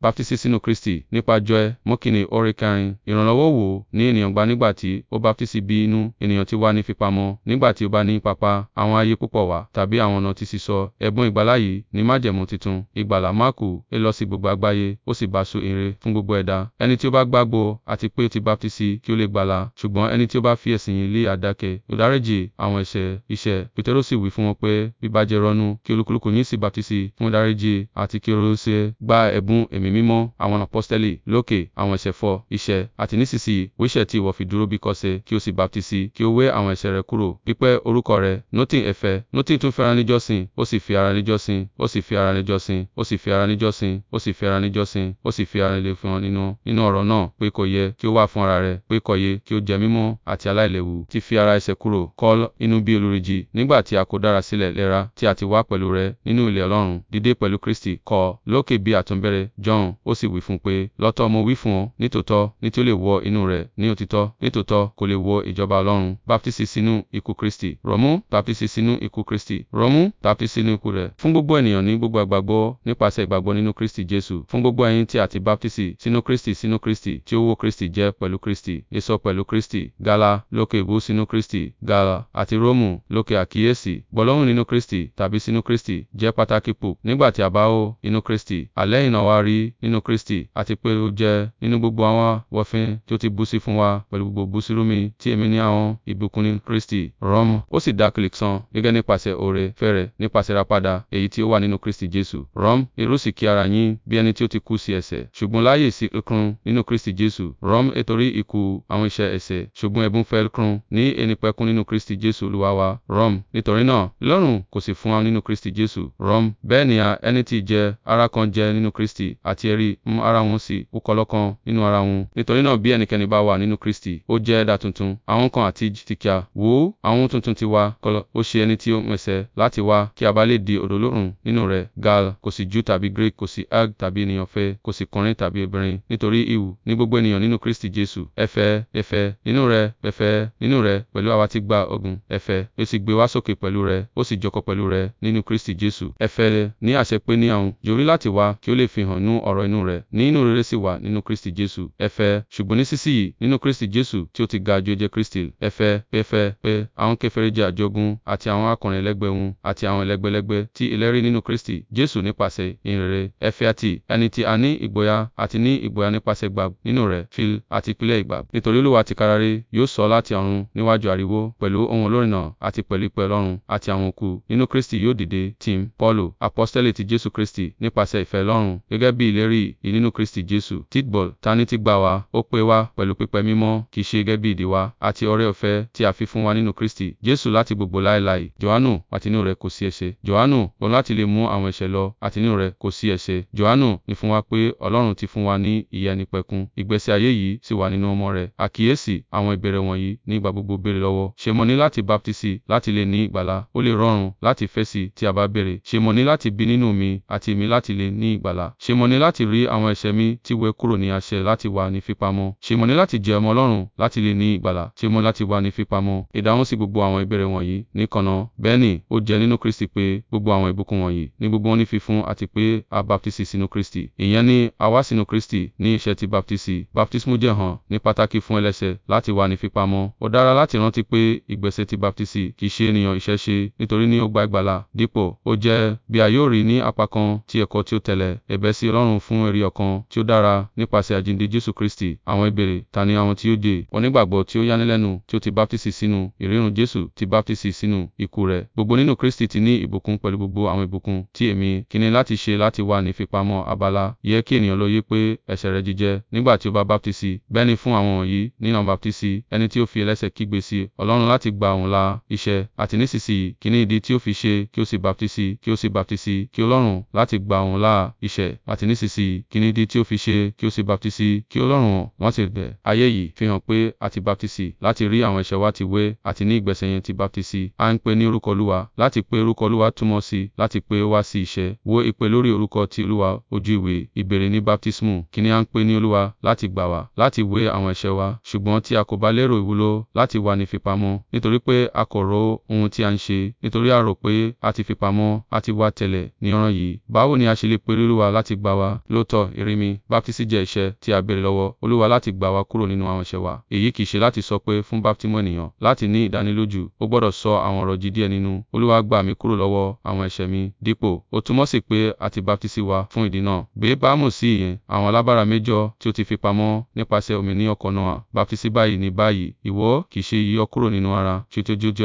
báptísì sínú Kristi nípa Joel Mokini Orekain. Ìrànlọ́wọ́ wo ni ènìyàn gba nígbà tí ó báptísì bí inú ènìyàn ti wà ní fipamọ́ nígbà tí ó bá ní papa àwọn ayé púpọ̀ wá tàbí àwọn ọ̀nà ti sísọ ẹ̀bùn ìgbàlá yìí ní májẹ̀mú tuntun. Ìgbàlà Máàkù é lọ sí gbogbo àgbáyé ó sì bá so ire fún gbogbo ẹ̀dá. Ẹni tí ó bá gbàgbọ́ àti pé ó ti baptisi kí ó lè gbàlà ṣùgbọ́n ẹni tí ó bá fi ẹ̀sìn yìí lé àdákẹ́ ìdáríjì àwọn ẹ̀ṣẹ̀ iṣẹ́. Pétérù sì wí fún wọn pé bí bá kí olúkúlùkù yín sì báptísì fún ìdáríjì àti kí ó gba ẹ̀bùn ẹ̀mí ẹ̀mí mímọ́, àwọn apọ́stẹ́lì, lókè, àwọn ìṣẹ̀fọ́, iṣẹ́, àti nísinsìnyí, wíṣẹ́ tí ìwọ fi dúró bí kọ́ṣe, kí o sì baptisi, kí o wé àwọn ẹ̀ṣẹ̀ rẹ kúrò, pípẹ́ orúkọ rẹ, Nótìn ẹ̀fẹ́, Nótìn tún fi ara níjọ́sìn, ó sì fi ara níjọ́sìn, ó sì fi ara níjọ́sìn, ó sì fi ara níjọ́sìn, ó sì fi ara níjọ́sìn, ó sì fi ara nílé fún ọ nínú, nínú ọ̀rọ̀ náà, pé kò yẹ kí ó wà fún ara rẹ̀, pé kò yẹ kí ó jẹ mímọ́ àti aláìléwu, ti fi ara ẹ̀ṣẹ̀ kúrò, kọ́ inú bí olùrìjì, nígbà tí a kò dára sílẹ̀ lẹ́ra, tí a ti wá pẹ̀lú rẹ, nínú ilé Ọlọ́run, dìde pẹ̀lú Kristi, kọ́, lókè bí àtúnbẹ̀rẹ̀, John dáhùn, ó sì wí fún pé, lọ́tọ̀ mo wí fún ọ, nítòótọ́, ní tí ó lè wọ inú rẹ̀ ní òtítọ́, nítòótọ́ kò lè wọ ìjọba Ọlọ́run. Báptísì sínú ikú Kristi. Rọ̀mú, baptisi sínú ikú Kristi. Rọ̀mú, baptisi sínú ikú rẹ̀. Fún gbogbo ènìyàn ní gbogbo àgbàgbọ́ nípasẹ̀ ìgbàgbọ́ nínú Kristi Jésù. Fún gbogbo ẹ̀yin tí a ti báptísì Kristi sínú Kristi tí ó wó Kristi jẹ́ pẹ̀lú Kristi, èso pẹ̀lú Kristi, gala lókè ìbú sínú Kristi, gala àti Rómù, lókè àkíyèsí, gbólóhùn nínú Kristi tàbí sínú Kristi jẹ́ pàtàkì púpọ̀ nígbà tí a bá ó inú Kristi. Àlẹ́ ìnáwó rí nínú Kristi, àti pé ó jẹ́ nínú gbogbo àwọn wọ̀fin tí ó ti bú sí fún wa pẹ̀lú gbogbo búsírúmi tí èmi ní àwọn ìbùkún Kristi. Rọ́mù, ó sì dá Kílíkì san gẹ́gẹ́ nípasẹ̀ oore fẹ́ rẹ̀ nípasẹ̀ ìràpadà èyí tí ó wà nínú Kristi Jésù. Rọ́mù, irú sì kí ara yín bí ẹni tí ó ti kú sí ẹ̀ṣẹ̀, ṣùgbọ́n láyè sí ìkùn nínú Kristi Jésù. Rọ́mù, ètorí ikú àwọn iṣẹ́ ẹ̀ṣẹ̀, ṣùgbọ́n ẹ̀bùn fẹ́ ìkùn ní enipẹ̀kun nínú Kristi Jésù Olúwa wa. Rọ́mù, nítorí náà, Ọlọ́run kò sì fún wa nínú Kristi Jésù. Rọ́mù, bẹ́ẹ̀ ni ẹni tí jẹ́ ara kan jẹ́ nínú Kristi, àti àti ẹ̀rí mú ara wọn sí ọkọ̀ lọ́kan nínú ara wọn. Nítorí náà bí ẹnikẹ́ni bá wà nínú Kristi, ó jẹ́ ẹ̀dá tuntun. Àwọn kan àti ti kíá, wò, àwọn tuntun ti wá, kọ́ ó ṣe ẹni tí ó mẹ̀sẹ̀ láti wá kí a bá lè di òdòlórùn nínú rẹ̀. Gal, kò sí Júù tàbí Greek, kò sí Ag tàbí ènìyàn fẹ́, kò sí kùnrin tàbí obìnrin, nítorí ìwù ní gbogbo ènìyàn nínú Kristi Jésù. Ẹ̀fẹ́, ẹ̀fẹ́, nínú rẹ̀, ẹ̀fẹ́, nínú rẹ̀, pẹ̀lú àwa ti gba ogun, ẹ̀fẹ́, ó sì gbé wá sókè pẹ̀lú rẹ̀, ó sì jókòó pẹ̀lú rẹ̀ nínú Kristi Jésù. Ẹ̀fẹ́ ní àṣẹ pé ní àwọn, jorí láti wá kí ó lè fihàn nú ọ̀rọ̀ inú rẹ̀, ní inú rere sì wà nínú Kristi Jésù, ẹ fẹ́, ṣùgbọ́n nísinsìnyí, nínú Kristi Jésù tí ó ti ga ju ẹ̀jẹ̀ Kristi, ẹ fẹ́, pé fẹ́, pé àwọn kèfèrí jẹ́ àjogún, àti àwọn akọrin ẹlẹ́gbẹ́ wọn, àti àwọn ẹlẹ́gbẹ́lẹ́gbẹ́ tí ìlérí nínú Kristi Jésù nípasẹ̀ ìrere, ẹ àti ẹni tí a ní ìgboyà, àti ní ìgboyà nípasẹ̀ gbà nínú rẹ̀, fil àti pílẹ̀ ìgbà. Nítorí Olúwa tìkára rẹ̀ yóò sọ láti ọ̀run níwájú ariwo, pẹ̀lú ohun olórinà àti pẹ̀lú ìpè Ọlọ́run, àti àwọn òkú nínú Kristi yóò dìde, Tim, Paulu, apọ́stẹ́lì ti Jésù Kristi, nípasẹ̀ ìfẹ́ Ọlọ́run, gẹ́gẹ́ bí ìlérí yìí nínú Kristi Jésù. Titbol, ta ni ti gbà wá, ó pè wá pẹ̀lú pípẹ́ mímọ́, kì í ṣe gẹ́gẹ́ bí ìdí wa, àti ọrẹ ọ̀fẹ́ tí a fi fún wa nínú Kristi Jésù láti gbogbo láéláé. Jòhánù, àti nínú rẹ̀ kò sí ẹ̀ṣẹ̀. Jòhánù, òun láti lè mú àwọn ẹ̀ṣẹ̀ lọ, àti nínú rẹ̀ kò sí ẹ̀ṣẹ̀. Jòhánù ní fún wa pé Ọlọ́run ti fún wa ní ìyè ẹnìpẹ̀kun. Ìgbésí ayé yìí sì wà nínú ọmọ rẹ̀. Àkíyèsí àwọn ìbéèrè wọ̀nyí nígbà gbogbo béèrè lọ́wọ́. Ṣé mo ní láti baptisi láti lè ní ìgbàlà? Ó lè rọrùn láti fèsì tí a bá béèrè. Ṣé mo ní láti bí nínú mi àti èmi láti lè ní ìgbàlà? Ṣé mo ní láti rí àwọn ẹ̀ṣẹ̀ mi tí wẹ kúrò ní àṣẹ láti wà ní fipamọ́. Ṣèmọ̀ni láti jẹ́ ọmọ Ọlọ́run láti lè ní ìgbàlà. Ṣèmọ̀ láti wà ní fipamọ́. Ìdáhùn sí gbogbo àwọn ìbéèrè wọ̀nyí nìkan náà. ó jẹ́ nínú Kristi pé gbogbo àwọn ìbùkún wọ̀nyí ní gbogbo wọn ní fífún àti pé a baptisi sínú Kristi. Ìyẹn ni a wá sínú Kristi ní iṣẹ́ ti baptisi. Baptismu jẹ́ hàn ní pàtàkì fún ẹlẹ́ṣẹ̀ láti wà ní fipamọ́. Ó dára láti rántí pé ìgbésẹ̀ ti baptisi kì í ṣe ènìyàn ìṣẹ̀ṣe nítorí ní ó gba ìgbàlà. Dípò, ó jẹ́ bí a yóò rí ní apá kan ti ẹ̀kọ́ tí ó tẹ̀lé, ẹ̀bẹ̀ sí Ọlọ́run Ọlọ́run fún ẹ̀rí ọkàn tí ó dára nípasẹ̀ àjíǹde Jésù Kristi. Àwọn ìbéèrè ta ni àwọn tí ó jẹ́ onígbàgbọ́ tí ó yánilẹ́nu tí ó ti báptísì sínú ìrírun Jésù ti báptísì sínú ikú rẹ̀. Gbogbo nínú Kristi ti ní ìbùkún pẹ̀lú gbogbo àwọn ìbùkún tí èmi kíni láti ṣe láti wà ní ìfipamọ́ abala. Yẹ kí ènìyàn lóye pé ẹ̀ṣẹ̀ rẹ̀ jíjẹ nígbà tí ó bá báptísì. Bẹ́ẹ̀ ni fún àwọn wọ̀nyí nínú báptísì, ẹni tí ó fi ẹlẹ́ṣẹ̀ kígbe sí Ọlọ́run láti gba òun là iṣẹ́, àti nísinsìnyí kíni ìdí tí ó fi ṣe kí ó sì báptísì, kí ó sì báptísì, kí Ọlọ́run láti gba òun là iṣẹ́, àti nísinsìnyí sísí, kí ni ìdí tí ó fi ṣe kí ó ṣe baptisi, kí Ọlọ́run wọ́n sì bẹ̀. Ayé yìí fi hàn pé a ti baptisi láti rí àwọn ẹ̀ṣẹ̀ wa ti wé àti ní ìgbẹ̀sẹ̀yìn ti baptisi. A ń pè ní orúkọ Olúwa, láti pé orúkọ Olúwa túmọ̀ sí láti pé wá sí iṣẹ́. Wo ìpè lórí orúkọ ti Olúwa, ojú ìwé, ìbéèrè ní baptismu, kí ni a ń pè ní Olúwa láti gbà wá, láti wé àwọn ẹ̀ṣẹ̀ wa, ṣùgbọ́n tí a kò bá lérò ìwúlò láti wà ní fipamọ́, nítorí pé a kò rò ohun tí a ń ṣe, nítorí a rò pé a ti fipamọ́, a ti wà tẹ́lẹ̀ ní ọ̀ràn yìí. Báwo ni a ṣe lè pe Olúwa láti gbà wá? wa. Lóòótọ́, ìrími, baptisi jẹ́ iṣẹ́ tí a béèrè lọ́wọ́ Olúwa láti gbà wá kúrò nínú àwọn ẹ̀ṣẹ̀ wa. Èyí kì í ṣe láti sọ pé fún baptimu ènìyàn. Láti ní ìdánilójú, ó gbọ́dọ̀ sọ àwọn ọ̀rọ̀ jí díẹ̀ nínú. Olúwa gbà mí kúrò lọ́wọ́ àwọn ẹ̀ṣẹ̀ mi. Dípò, ó túmọ̀ sí pé a ti baptisi wa fún ìdí náà. Bé bámù sí ìyẹn, àwọn alábára méjọ tí ó ti fi pamọ́ nípasẹ̀ omi ní ọkọ̀ náà. Baptisi báyìí ní báyìí, ìwọ kì í ṣe yíyọ kúrò nínú ara, tí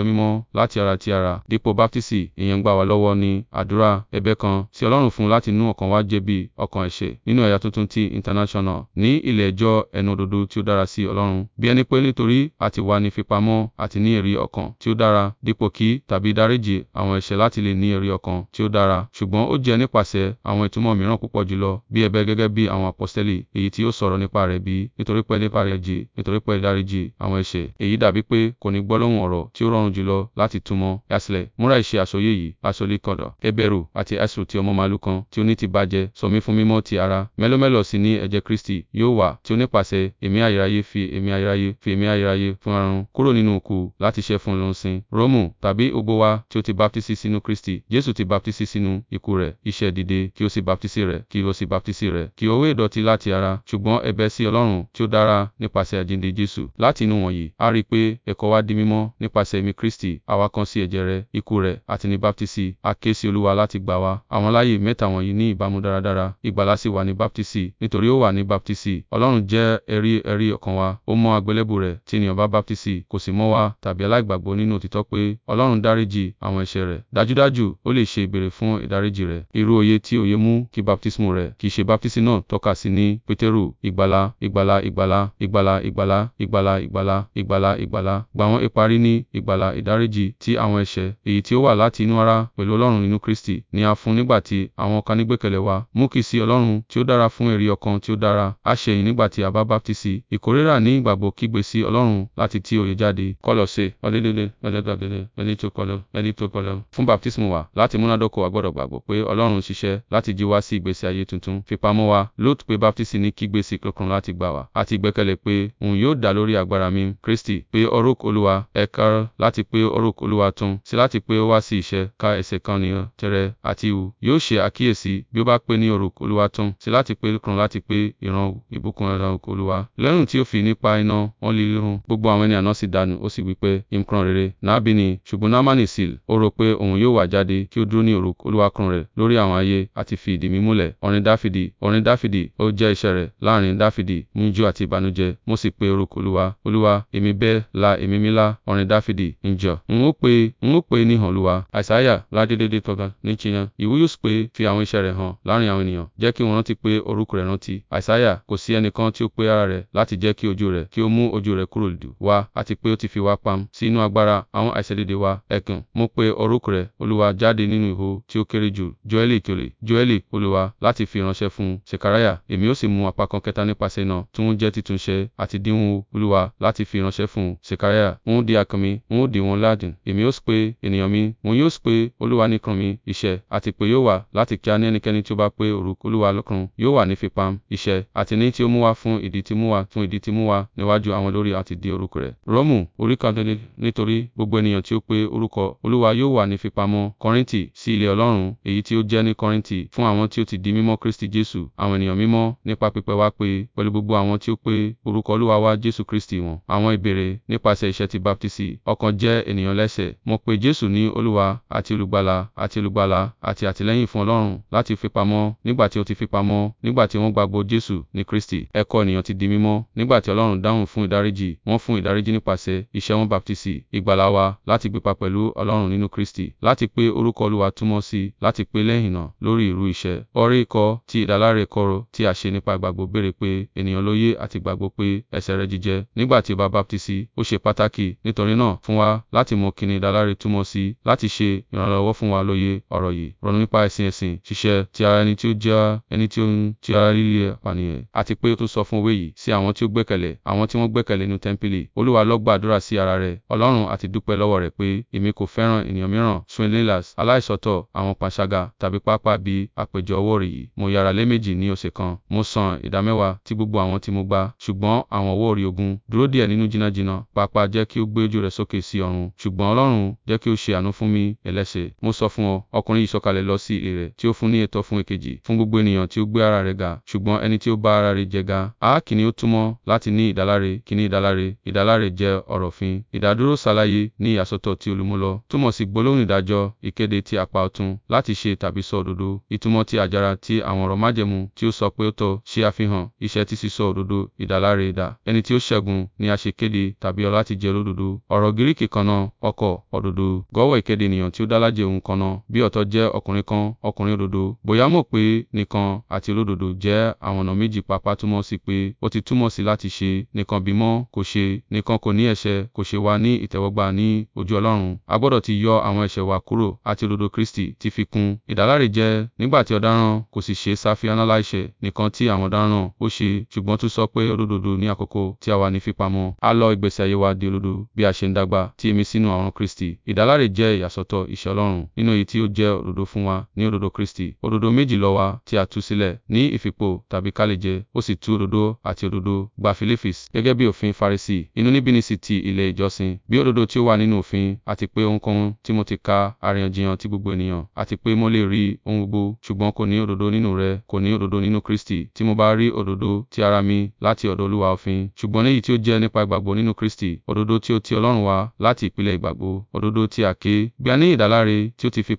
mímọ́ láti ara ti ara. Dípò baptisi, ìyẹn gbà wá lọ́wọ́ ní àdúrà, ẹ̀bẹ̀ kan tí Ọlọ́run fún láti inú ọkàn wa jẹ̀bi ọkàn ọkàn ẹ̀ṣẹ̀ nínú ẹ̀yà tuntun ti International ní ilẹ̀ ẹjọ́ ẹnu òdodo tí ó dára sí Ọlọ́run. Bí ẹni pé nítorí a ti wà ní fipamọ́ àti ní ẹ̀rí ọkàn tí ó dára, dípò kí tàbí dáríjì àwọn ẹ̀ṣẹ̀ láti lè ní ẹ̀rí ọkàn tí ó dára. Ṣùgbọ́n ó jẹ́ nípasẹ̀ àwọn ìtumọ̀ mìíràn púpọ̀ jùlọ bí ẹ̀bẹ̀ gẹ́gẹ́ bí àwọn apọ́stẹ́lì èyí tí ó sọ̀rọ̀ nípa rẹ̀ bí nítorí pé nípa rẹ̀ jì nítorí pé dáríjì àwọn ẹ̀ṣẹ̀. Èyí dàbí pé kò ní gbólóhùn ọ̀rọ̀ tí ó rọrùn jùlọ láti túmọ̀. Yàsílẹ̀ múra ìṣe àsọyé yìí, àsọlé kọ̀dọ̀, ẹbẹ̀rù àti àìsùn ti ọmọ màlúù kan tí ó ní ti bàjẹ́, sọ fún mi mímọ́ ti ara, mẹ́lọ́mẹ́lọ́ sì ni ẹ̀jẹ̀ Kristi yóò wà tí ó nípasẹ̀ ẹ̀mí ayérayé fi ẹ̀mí ayérayé fi ẹ̀mí ayérayé fún arun kúrò nínú òkú láti ṣẹ́ fún ìlọ́nsìn. Rómù tàbí ògbó wa tí ó ti baptisi sínú Kristi, Jésù ti baptisi sínú ikú rẹ̀, iṣẹ́ dìde kí ó sì baptisi rẹ̀, kí ó sì baptisi rẹ̀, kí ó wé ìdọ̀tí láti ara, ṣùgbọ́n ẹ̀bẹ̀ sí Ọlọ́run tí ó dára nípasẹ̀ àjíǹde Jésù. Láti inú wọ̀nyí, a rí i pé ẹ̀kọ́ wa di mímọ́ nípasẹ̀ ẹ̀mí Kristi, àwa kan sí ẹ̀jẹ̀ rẹ̀, ikú rẹ̀, àti ní baptisi, a ké sí Olúwa láti gbà wá. Àwọn láyè mẹ́ta wọ̀nyí ní ìbámu dáradára. Ìgbà ìgbàlà sì wà ní báptísì, nítorí ó wà ní báptísì. Ọlọ́run jẹ́ ẹ̀rí ẹ̀rí ọkàn wa, ó mọ àgbélébù rẹ̀ tí ènìyàn bá báptísì, kò sì mọ̀ wa tàbí aláìgbàgbọ́ nínú òtítọ́ pé Ọlọ́run dáríjì àwọn ẹ̀ṣẹ̀ rẹ̀. Dájúdájú, ó lè ṣe ìbéèrè fún ìdáríjì rẹ̀. Irú òye tí òye mú kí báptísìmù rẹ̀ kì í ṣe báptísì náà tọ́ka sí ní Pétérù, ìgbàlà, ìgbàlà, ìgbàlà, ìgbàlà, ìgbàlà, ìgbàlà, ìgbàlà, ìgbàlà, ìgbàlà, gbà wọ́n ìparí ní ìgbàlà ìdáríjì ti àwọn ẹ̀ṣẹ̀, èyí tí ó wá láti inú ara pẹ̀lú Ọlọ́run nínú Kristi, ni a fún nígbà tí àwọn kan wa. Mú kí sí sí Ọlọ́run tí ó dára fún èrè ọkàn tí ó dára. A ṣe èyí nígbà tí a bá baptisi. Ìkórìíra ní ìgbàgbọ́ kígbe sí Ọlọ́run láti tí òye jáde. Kọ́lọ̀ṣe, ọlẹ́lẹ́lẹ́, ọlẹ́gbàgbẹ́lẹ́, ẹlẹ́tọ́kọlọ, ẹlẹ́tọ́kọlọ. Fún baptismu wa, láti múnádóko a gbọ́dọ̀ gbàgbọ́ pé Ọlọ́run ń ṣiṣẹ́ láti jí wa sí ìgbésí ayé tuntun. Fipamọ́ wa, Lóòtù pé baptisi ní kígbe sí kankan láti gbà wá. Àti ìgbẹ́kẹ̀lé pé òun yóò dá lórí agbára mi, Kristi, pé orúkọ Olúwa, ẹ̀ka láti pé orúkọ Olúwa tún, sí láti pé ó wá sí iṣẹ́, ka ẹsẹ̀ kan nìyẹn, tẹ̀rẹ̀, àti ìhù, yóò ṣe àkíyèsí bí ó bá pé ní orúkọ Olúwa tán sí láti pé kan láti pé ìran ìbùkún ẹran Olúwa. Lẹ́yìn tí ó fi nípa iná wọn lé irun, gbogbo àwọn ènìyàn náà sì dànù, ó sì wí pé, “Nǹkan rere, Nabi ni.” Ṣùgbọ́n Naamani sì ó rò pé òun yóò wá jáde kí ó dúró ní òru Olúwa kan rẹ̀ lórí àwọn ayé àti fi ìdí mi múlẹ̀. Orin Dáfídì Orin Dáfídì ó jẹ́ iṣẹ́ rẹ̀ láàrin Dáfídì ní ijó àti ìbànújẹ́, mo sì pe orúkọ Olúwa. Olúwa, èmi bẹ́ la èmi mi lá. Orin Dáfídì Ǹjọ́. N ó pe, n ó pe níhàn Olúwa. Àìsáyà, ládédédé tọ́ga ní ìjìyàn. Ìwọ yóò sì pé fi àwọn iṣẹ́ jẹ́ kí wọ́n rántí pé orúkọ rẹ̀ rántí. Àìsáyà, kò sí ẹnìkan tí ó pé ara rẹ̀ láti jẹ́ kí ojú rẹ̀ kí ó mú ojú rẹ̀ kúrò lù wá àti pé ó ti fi wá pam sí inú agbára àwọn àìṣedéédéé wa. Ẹ̀gàn, mo pe orúkọ rẹ̀ Olúwa jáde nínú ihò tí ó kéré jù. Joẹli kele, Joẹli Olúwa láti fi ránṣẹ́ fún un. Sekariah, èmi ó sì mú apá kan kẹta nípasẹ̀ náà tún jẹ́ títúnṣe àti dínwó Olúwa láti fi ránṣẹ́ fún un. Sekariah, ń di akàn mi, ń ó dì wọ́n ládùn. Èmi ó sì pé ènìyàn mi, wọn yóò sì pé Olúwa nìkan mi, iṣẹ́, àti pé yóò wà láti kíá ní ẹnikẹ́ni tí ó bá pé orúkọ Olúwa lọ́kàn, yóò wà ní fipam, iṣẹ́, àti ní tí ó mú wá fún ìdí tí mú wá, fún ìdí tí mú wá, níwájú àwọn olórí àti di orúkọ rẹ̀. Romu, orí kan dín nítorí gbogbo ènìyàn tí ó pe orúkọ Olúwa yóò wà ní fipamọ́. Kọ́ríńtì, sí ilé Ọlọ́run, èyí tí ó jẹ́ ní Kọ́ríńtì, fún àwọn tí ó ti di mímọ́ Kristi Jesu, àwọn ènìyàn mímọ́, nípa pípẹ́ wa pé, pẹ̀lú gbogbo àwọn tí ó pe orúkọ Olúwa wa Jesu Kristi wọ́n. Àwọn ìbéèrè, nípasẹ̀ iṣẹ́ ti baptisi, ọ̀kan jẹ́ ènìyàn lẹ́sẹ̀. Mo pe Jesu ní Olúwa, àti Olùgbàlà, àti Olùgbàlà, àti àtìlẹ́yìn fún Ọlọ́run, láti fipamọ́, nígbà tí tí ó ti fi pamọ́ nígbà tí wọ́n gbàgbọ́ Jésù ní Kristi. Ẹ̀kọ́ ènìyàn ti di mímọ́ nígbà tí Ọlọ́run dáhùn fún ìdáríjì, wọ́n fún ìdáríjì nípasẹ̀ iṣẹ́ wọn baptisi, ìgbàlà wa láti gbépa pẹ̀lú Ọlọ́run nínú Kristi, láti pé orúkọ Olúwa túmọ̀ sí láti pé lẹ́yìn náà lórí irú iṣẹ́. Ọrẹ ikọ̀ ti ìdáláre kọ̀rọ̀ tí a ṣe nípa ìgbàgbọ́ béèrè pé ènìyàn lóye àti ìgbàgbọ́ pé ẹ̀ṣẹ̀ rẹ̀ jíjẹ nígbà tí ó baptisi, ó ṣe pàtàkì nítorí náà fún wa láti mọ kíni ìdáláre túmọ̀ sí láti ṣe ìrànlọ́wọ́ fún wa lóye ọ̀rọ̀ yìí. Ronú nípa ẹ̀sìn ẹ̀sìn ṣíṣe ti ara ẹni tí ó jẹ́ ẹni tí ó ń tí a rí apànìyàn àti pé ó tún sọ fún òwe yìí sí àwọn tí ó gbẹ́kẹ̀lé àwọn tí wọ́n gbẹ́kẹ̀lé inú tẹ́ḿpìlì olúwa lọ gbàdúrà sí ara rẹ̀ ọlọ́run àti dúpẹ́ lọ́wọ́ rẹ̀ pé èmi kò fẹ́ràn ènìyàn mìíràn swindlers aláìsọ̀tọ̀ àwọn panṣágà tàbí pápá bíi àpèjọ owó rí yìí mo yára lé méjì ní ọ̀sẹ̀ kan mo san ìdámẹ́wàá ti gbogbo àwọn tí mo gbà ṣùgbọ́n àwọn owó rí ogún dúró díẹ̀ nínú jìnnàjìnnà pápá jẹ́ kí ó gbé ojú rẹ̀ sókè sí ọ̀run ṣùgbọ́n ọlọ́run jẹ́ kí ó ṣe àánú fún mi ẹlẹ́ṣẹ̀ mo sọ fún ọ ọkùnrin yìí sọ̀kalẹ̀ lọ sí ilé rẹ̀ tí ó fún ní ẹ̀tọ́ fún èkejì fún gbogbo gbogbo ènìyàn tí ó gbé ara rẹ̀ ga, ṣùgbọ́n ẹni tí ó bá ara rẹ̀ jẹ ga. A kìíní ó túmọ̀ láti ní ìdáláre, kìíní ìdáláre, ìdáláre jẹ́ ọ̀rọ̀ òfin. Ìdádúró ṣàlàyé ní ìyàsọ́tọ̀ ti olùmúlò, túmọ̀ sí gbólóhùn ìdájọ́, ìkéde ti apá ọ̀tún, láti ṣe tàbí sọ òdodo. Ìtumọ̀ ti àjàrà ti àwọn ọ̀rọ̀ májẹ̀mú tí ó sọ pé ó tọ́, ṣe àfihàn iṣẹ́ ti sísọ òdodo, ìdáláre idà. Ẹni tí ó ṣẹ́gun ni a ṣe kéde tàbí ọlá ti jẹ́ olódodo. Ọ̀rọ̀ Gíríìkì kan náà, ọkọ̀, òdodo. Gọ́wọ̀ ìkéde ènìyàn tí ó dálájẹ ohun kan náà, bí ọ̀tọ̀ jẹ́ ọkùnrin kan, ọkùnrin òdodo. Bóyá mọ̀ pé ní nìkan àti olódodo jẹ́ àwọn ọ̀nà méjì pàápàá túmọ̀ sí pé ó ti túmọ̀ sí láti ṣe nìkan bímọ kò ṣe nìkan kò ní ẹ̀ṣẹ̀ kò ṣe wá ní ìtẹ́wọ́gbà ní ojú Ọlọ́run. A gbọ́dọ̀ ti yọ àwọn ẹ̀ṣẹ̀ wa kúrò àti òdodo Kristi ti fi kún. Ìdáláre jẹ́ nígbà tí ọ̀daràn kò sì ṣe ṣàfihàn ńlá ẹ̀ṣẹ̀ nìkan tí àwọn ọ̀daràn ó ṣe ṣùgbọ́n tún sọ pé olódodo ní àkókò tí a wà ní fipamọ́. A lọ ìgbésí ayé wa di olódodo bí a ṣe ń dàgbà tí èmi sínú àwòrán Kristi. Ìdáláre jẹ́ ìyàsọ́tọ̀ iṣẹ́ Ọlọ́run nínú èyí tí ó jẹ́ òdodo fún wa ní òdodo Kristi. Òdodo méjì ló wà tí tí a tú sílẹ̀ ní ìfipò tàbí kálíjẹ, ó sì tú òdodo àti òdodo gba Filifis gẹ́gẹ́ bí òfin Farisi, inúnibíni sì ti ilé ìjọsìn, bí òdodo tí ó wà nínú òfin, àti pé ohunkóhun tí mo ti ka àríyànjiyàn ti gbogbo ènìyàn, àti pé mo lè rí ohun gbogbo, ṣùgbọ́n kò ní òdodo nínú rẹ̀, kò ní òdodo nínú Kristi, tí mo bá rí òdodo ti ara mi láti ọ̀dọ̀ Olúwa òfin, ṣùgbọ́n èyí tí ó jẹ́ nípa ìgbàgbọ́ nínú Kristi, òdodo tí ó ti Ọlọ́run wá láti ìpìlẹ̀ ìgbàgbọ́, òdodo tí a ké bí a ní ìdáláre tí ó ti fi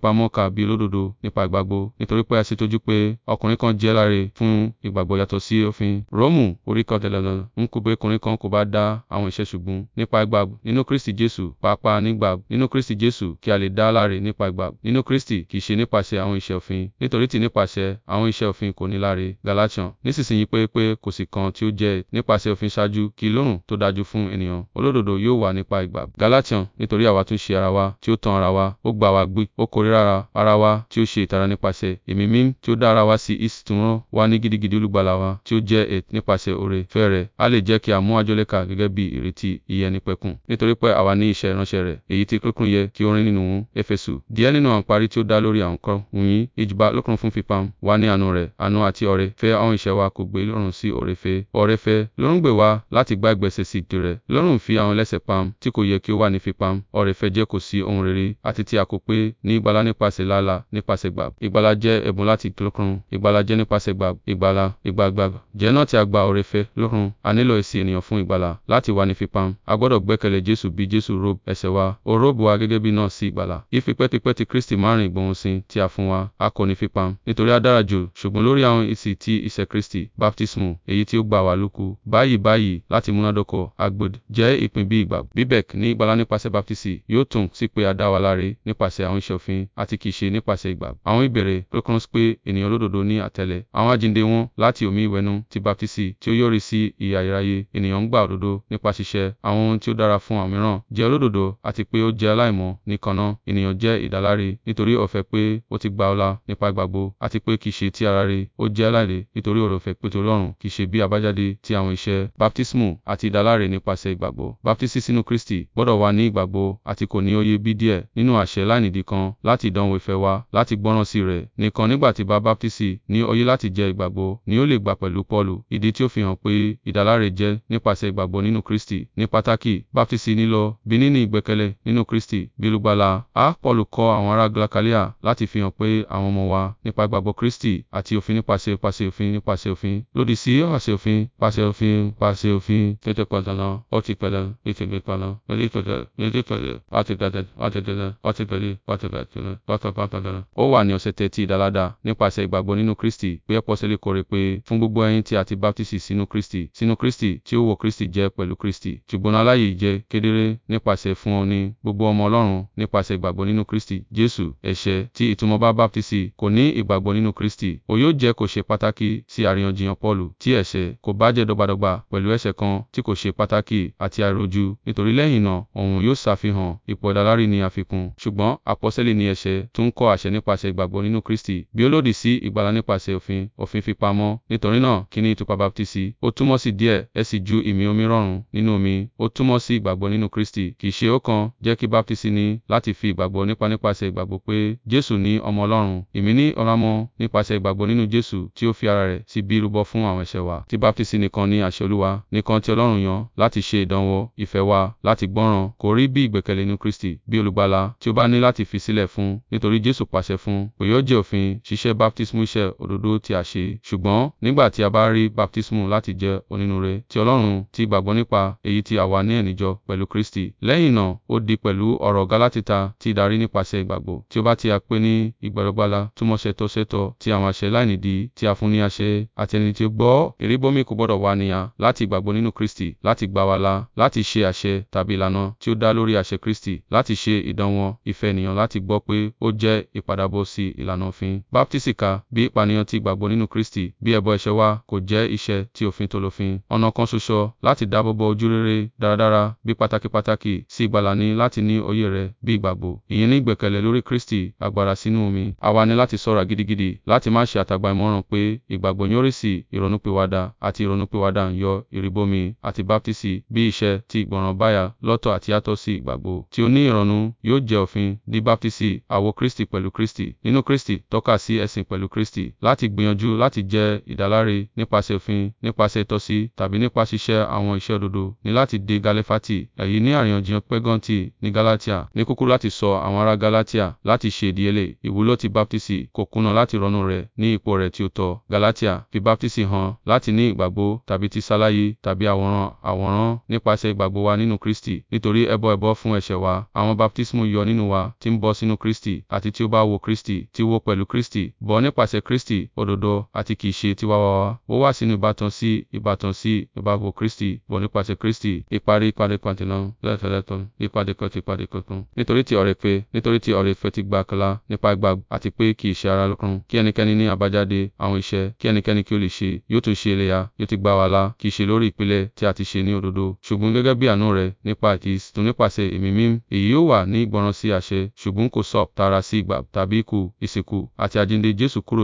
bí olódodo nípa ìgbàgbọ́, nítorí pé a ṣe ìtọ́jú pé ọkùnrin kan jẹ́ láre fún ìgbàgbọ́ yàtọ̀ sí òfin. Rómù orí kọkànlélọ́nà ń kọ pé ọkùnrin kan kò bá dá àwọn iṣẹ́ ṣùgbọ́n nípa ìgbàgbọ́ nínú Kristi Jésù, pàápàá nígbà nínú Kristi Jésù kí a lè dá láre nípa ìgbàgbọ́ nínú Kristi kì í ṣe nípasẹ̀ àwọn iṣẹ́ òfin, nítorí tí nípasẹ̀ àwọn iṣẹ́ òfin kò ní láre. Galatian nísinsìnyí pé pé kò sí kan tí ó jẹ́ nípasẹ̀ òfin ṣáájú kí Ọlọ́run tó dájú fún ènìyàn olódodo yóò wà nípa ìgbàgbọ́. Galatian nítorí àwa tún ṣe ara wa tí ó tan ara wa, ó gbà wá gbé, ó kórìíra ara wa tí ó ṣe ìtara nípasẹ̀ Ẹ̀mí Mímọ́ tí ó dá ara wa wá sí ìsìtúnrán wa ní gidigidi olùgbàlà wa tí ó jẹ́ ètò nípasẹ̀ oore fẹ́ rẹ̀, a lè jẹ́ kí a mú àjọlẹ́ka gẹ́gẹ́ bí ìrètí ìyẹnipẹ̀kun. Nítorí pé àwa ní iṣẹ́ ìránṣẹ́ rẹ̀, èyí tí kíkún yẹ kí ó rìn nínú Éfésù. Díẹ̀ nínú àǹparí tí ó dá lórí àwọn kan wọ̀nyí, ìjìbá lọ́kùnrin fún fipam, wà ní àánú rẹ̀, àánú àti ọrẹ, fẹ́ àwọn iṣẹ́ wa kò gbé lọ́rùn sí òrèfé, ọrẹ̀fẹ́, lọ́rùn gbé wa láti gba ìgbésẹ̀ sí tirẹ̀, lọ́rùn fi àwọn ẹlẹ́sẹ̀ pam tí kò yẹ kí ó wà ní fipam, ọrẹ̀fẹ́ jẹ́ kò sí ohun rere àti tí a kò pé ní ìgbàlà nípasẹ̀ làálàá nípasẹ̀ gbà. Ìgbàlà jẹ́ ẹ̀bùn láti lọ́kùnrin. Ìgbàlà jẹ́ nípasẹ̀ gbà ìgbàlà ìgbàgbà jẹ́ náà tí a gba ọrẹ fẹ́ lọ́rùn. A nílò èsì ènìyàn fún ìgbàlà láti wà ní fipam. A gbọ́dọ̀ gbẹ́kẹ̀lé Jésù bí Jésù robe ẹ̀ṣẹ̀ wa. Ó robe wa gẹ́gẹ́ bí náà sí ìgbàlà. Ìfipẹ́tipẹ́ ti Kristi márùn-ún ìgbóhùnsìn tí a fún wa. A kò ní fipam nítorí a dára jù, ṣùgbọ́n lórí àwọn ìsì ti ìṣe Kristi, baptismu, èyí tí ó gbà wá lóku. Báyìí báyìí, láti múnádóko, agbod jẹ́ ìpín bí ìgbà. Bíbẹ̀k ní ìgbàlà nípasẹ̀ baptisi yóò tún sí pé a dá wa láre nípasẹ̀ àwọn iṣẹ́ òfin àti kì ṣe nípasẹ̀ ìgbà. Àwọn ìbéèrè, ó pé ènìyàn olódodo òdodo ní àtẹ̀lé. Àwọn àjíǹde wọn láti omi ìwẹ̀nù ti baptisi tí ó yọrí sí ìyè ayérayé. Ènìyàn ń gba òdodo nípa ṣíṣe àwọn ohun tí ó dára fún àwọn mìíràn. Jẹ́ olódodo àti pé ó jẹ́ aláìmọ́ nìkan náà. Ènìyàn jẹ́ ìdáláre nítorí ọ̀fẹ́ pé ó ti gba ọlá nípa ìgbàgbọ́ àti pé kì í ṣe ti ara rẹ̀. Ó jẹ́ aláìlè nítorí oore-ọ̀fẹ́ pé ti Ọlọ́run kì í ṣe bí àbájáde ti àwọn iṣẹ́. Baptismu àti ìdáláre nípasẹ̀ ìgbàgbọ́. Baptisi sínú Kristi gbọdọ̀ wà ní ìgbàgbọ́ àti kò ní òye bí díẹ̀ nínú àṣẹ láìnídìí kan láti ìdánwò ìfẹ́ wa láti gbọ́ràn sí rẹ̀ nìkan nígbà tí bá baptisi Kristi ní òye láti jẹ́ ìgbàgbọ́ ni ó lè gbà pẹ̀lú Paulu. Ìdí tí ó fi hàn pé ìdáláre jẹ́ nípasẹ̀ ìgbàgbọ́ nínú Kristi. Ní pàtàkì, baptisi nílò bí níní ìgbẹ́kẹ̀lé nínú Kristi bí olùgbàlà. A. Paulu kọ àwọn ará Galakalia láti fihàn pé àwọn ọmọ wa nípa ìgbàgbọ́ Kristi àti òfin nípasẹ̀ ipasẹ̀ òfin nípasẹ̀ òfin lòdì sí ọ̀sẹ̀ òfin, pasẹ̀ òfin, pasẹ̀ òfin, tètè pẹ̀lẹ́nà, ọtí pẹ̀lẹ́, ìtìgbè pẹ̀lẹ́, ẹlẹ́ pẹ̀lẹ́, ẹlẹ́ pẹ̀lẹ́, àti pẹ̀lẹ́, àti pẹ̀lẹ́, àti pẹ̀lẹ́, àti pẹ̀lẹ́, bàtà bàtà pẹ̀lẹ́. Ó wà ní ọ̀sẹ̀ tẹ́tí ìdáláda nípasẹ̀ ìgbàgbọ́ nígbàgbọ́ nínú Kristi, pé apọ́sẹ́lì kọ̀rẹ́ pé, fún gbogbo ẹ̀yin tí a ti baptisi sínú Kristi, sínú Kristi, tí ó wọ Kristi jẹ́ pẹ̀lú Kristi, ṣùgbọ́n aláyè jẹ́ kedere nípasẹ̀ fún ọ ní gbogbo ọmọ Ọlọ́run nípasẹ̀ ìgbàgbọ́ nínú Kristi, Jésù, ẹ̀ṣẹ̀, tí ìtumọ̀ bá baptisi, kò ní ìgbàgbọ́ nínú Kristi, ó yóò jẹ́ kò ṣe pàtàkì sí àríyànjiyàn Pọ́ọ̀lù, tí ẹ̀ṣẹ̀ kò bá jẹ́ dọ́gbadọ́gba pẹ̀lú ẹ̀ṣẹ̀ kan tí kò ṣe pàtàkì àti àìrojú, nítorí lẹ́yìn náà, òun yóò ṣàfihàn ipò ìdálárí ní àfikún, ṣùgbọ́n apọ́sẹ́lì ní ẹ̀ṣẹ̀ tún ń kọ́ àṣẹ nípasẹ̀ ìgbàgbọ́ nínú Kristi, bí ó lòdì sí ìgbà ìgbàlà nípasẹ̀ òfin, òfin fi pamọ́. Nítorí náà, kí ni ìtúpa baptisi? Ó túmọ̀ sí díẹ̀, ẹ sì ju ìmí omi rọrùn nínú omi. Ó túmọ̀ sí ìgbàgbọ́ nínú Kristi. Kì í ṣe ọ̀kan, jẹ́ kí baptisi ní láti fi ìgbàgbọ́ nípa nípasẹ̀ ìgbàgbọ́ pé Jésù ní ọmọ Ọlọ́run. Ìmí ní ọ̀ramọ́ nípasẹ̀ ìgbàgbọ́ nínú Jésù tí ó fi ara rẹ̀ sí bí rúbọ fún àwọn ẹ̀ṣẹ̀ wa. Ti baptisi nìkan ni àṣẹ Olúwa, nìkan tí Ọlọ́run yàn láti ṣe ìdánwò ìfẹ́ wa láti gbọ́ràn. Kò rí bí ìgbẹ́kẹ̀lé nínú Kristi, bí olùgbàlà tí ó bá ní láti fi sílẹ̀ fún, nítorí Jésù pàṣẹ fún, kò yóò jẹ́ òfin, ṣíṣe baptismu iṣẹ́ òdodo tí a ṣe. Ṣùgbọ́n nígbà tí a bá rí baptismu láti jẹ́ onínúure ti Ọlọ́run tí ìgbàgbọ́ nípa èyí tí àwa ní ẹ̀nìjọ pẹ̀lú Kristi. Lẹ́yìn náà, ó di pẹ̀lú ọ̀rọ̀ Gálátítà tí ìdarí nípasẹ̀ ìgbàgbọ́ tí ó bá ti a pè ní ìgbàlógbàlà túmọ̀ ṣẹ̀tọ́ṣẹ̀tọ́ ti àwọn àṣẹ láìnídìí tí a fún ní àṣẹ àti ẹni tí ó gbọ́. Ìrìbọmi kò gbọdọ̀ wà níyà láti ìgbàgbọ́ nínú Kristi, láti gbà wá là, láti ṣe àṣẹ tàbí ìlànà tí ó dá lórí àṣẹ Kristi, láti ṣe ìdánwò ìfẹ́ ènìyàn láti gbọ́ pé ó jẹ́ ìpadàbọ̀ sí ìlànà òfin. Baptisika bí ìpànìyàn ti ìgbàgbọ́ nínú Kristi, bí ẹbọ ẹ̀ṣẹ̀ wa kò jẹ́ iṣẹ́ ti òfin tolófin. Ọ̀nà kan ṣoṣo láti dáàbòbo ojú rere dáradára bí pàtàkì pàtàkì sí ìgbàlà ni láti ní òye rẹ̀ bí ìgbàgbọ́. Ìyẹn ní ìgbẹ́kẹ̀lé lórí Kristi, agbára sínú omi. Àwa ní láti ṣọ́ra gidigidi láti má ṣe àtàgbà ìmọ̀ràn pé ìgbàgbọ́ yóò rí sí ìrònúpìwàdà àti ìrònúpìwàdà ń yọ ìrìbọmi àti báptísì bí iṣẹ́ ti ìgbọràn báyà lọ́tọ̀ àti yàtọ̀ sí ìgbàgbọ́. Tí ó ní ìrònú yóò jẹ́ òfin di báptísì, àwò Kristi pẹ̀lú Kristi, nínú Kristi tọ́ka sí ẹ̀sìn pẹ̀lú Kristi. Kristi, láti gbìyànjú láti jẹ́ ìdáláre nípasẹ̀ òfin, nípasẹ̀ ìtọ́sí, tàbí nípa ṣíṣe àwọn iṣẹ́ òdodo, ní láti dé Galafati. Èyí ni àríyànjiyàn Pẹgọ́ntì ní Galatia. Ní kúkúrú láti sọ àwọn ará Galatia láti ṣe ìdíyelé. Ìwúlò ti baptisi kò kùnà láti rònú rẹ̀ ní ipò rẹ̀ tí ó tọ́. Galatia fi baptisi hàn láti ní ìgbàgbọ́ tàbí ti ṣàlàyé tàbí àwòrán àwòrán nípasẹ̀ ìgbàgbọ́ wa nínú Kristi. Nítorí ẹbọ ẹbọ fún ẹ̀ṣẹ̀ wa, àwọn baptismu yọ nínú wa tí ń bọ́ sínú Kristi àti tí ó bá wọ Kristi, tí wọ pẹ̀lú Kristi, bọ́ nípasẹ̀ nípasẹ̀ Kristi, òdodo àti kìí ṣe tiwa wá. Ó wá sínú ìbátan sí ìbátan sí ìbáwọ̀ Kristi, bọ̀ nípasẹ̀ Kristi. Ìparí ìpàdé pàtẹ náà lẹ́tọ̀lẹ́tọ̀, ìpàdé kan ti ìpàdé kankan. Nítorí ti ọ̀rẹ́ pé, nítorí ti ọ̀rẹ́ ìfẹ́ ti gba kọlá nípa ìgbàgbọ́ àti pé kì í ṣe ara lọ́kàn. Kí ẹnikẹ́ni ní àbájáde àwọn iṣẹ́, kí ẹnikẹ́ni kí ó lè ṣe, yóò tún ṣe iléyá, yóò ti gbà wá là, kì í ṣe lórí ìpìlẹ̀ tí a ti ṣe ní òdodo. Ṣùgbọ́n gẹ́gẹ́ bí àánú rẹ̀ nípa àti tún nípasẹ̀ Ẹ̀mí Mímọ́, èyí yóò wà ní ìgbọràn sí àṣẹ, ṣùgbọ́n kò sọ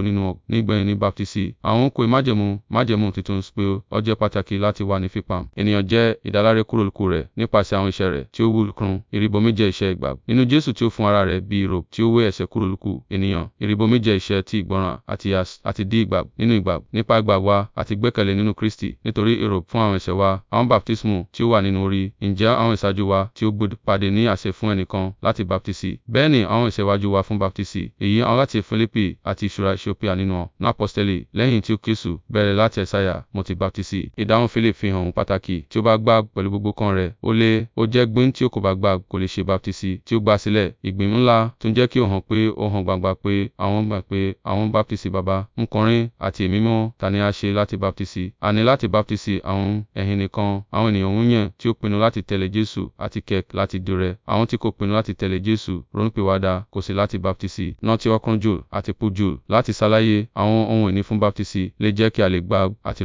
nínú nígbẹ̀yìn ní baptisi. Àwọn kò májẹ̀mú, májẹ̀mú tuntun pé ó jẹ́ pàtàkì láti wà ní fífam. Ènìyàn jẹ́ ìdáláre kúrò lóko rẹ̀ nípasẹ̀ àwọn iṣẹ́ rẹ̀ tí ó wúlò kún. Ìrìbọmi jẹ́ iṣẹ́ ìgbà. Nínú Jésù tí ó fún ara rẹ̀ bí ìró tí ó wé ẹ̀ṣẹ̀ kúrò lóko ènìyàn. Ìrìbọmi jẹ́ iṣẹ́ ti ìgbọràn àti àti dí ìgbà nínú ìgbà. Nípa ìgbà wa àti gbẹ́kẹ̀lé nínú Kristi nítorí èrò fún àwọn ẹ̀ṣẹ̀ wa. Àwọn baptismu tí ó wà nínú orí. Ǹjẹ́ àwọn ìṣáájú wa tí ó gbọ́dọ̀ pàdé ní àṣẹ fún ẹnìkan láti baptisi? Bẹ́ẹ̀ni àwọn ìṣèwájú wa fún baptisi. Èyí àwọn láti Filipi àti ìṣúra ìṣ ó pé a nínú ọ̀nà apọ́sítẹ́lì lẹ́yìn tí ó Kristu bẹ̀rẹ̀ láti ẹ̀sáyà mo ti baptisi. Ìdáhùn Philip fi hàn pàtàkì tí ó bá gbà pẹ̀lú gbogbo kan rẹ̀. Ó lé, ó jẹ́ gbin tí ó kò bá gbà kò lè ṣe baptisi tí ó gbà sílẹ̀. Ìgbìmọ̀ ńlá tún jẹ́ kí ó hàn pé ó hàn gbangba pé àwọn gbà pé àwọn baptisi baba ń kọrin àti èmi mọ́ ta ni a ṣe láti baptisi. A ní láti baptisi àwọn ẹ̀yin nìkan, àwọn ènìyàn ń yàn tí ó pinnu láti tẹ̀lé Jésù àti kẹ̀k láti dó rẹ̀. Àwọn tí baptisi. Náà tí ọkùnrin jù àti ti ṣàlàyé, àwọn ohun ìní fún baptisi lè jẹ́ kí a lè gba àti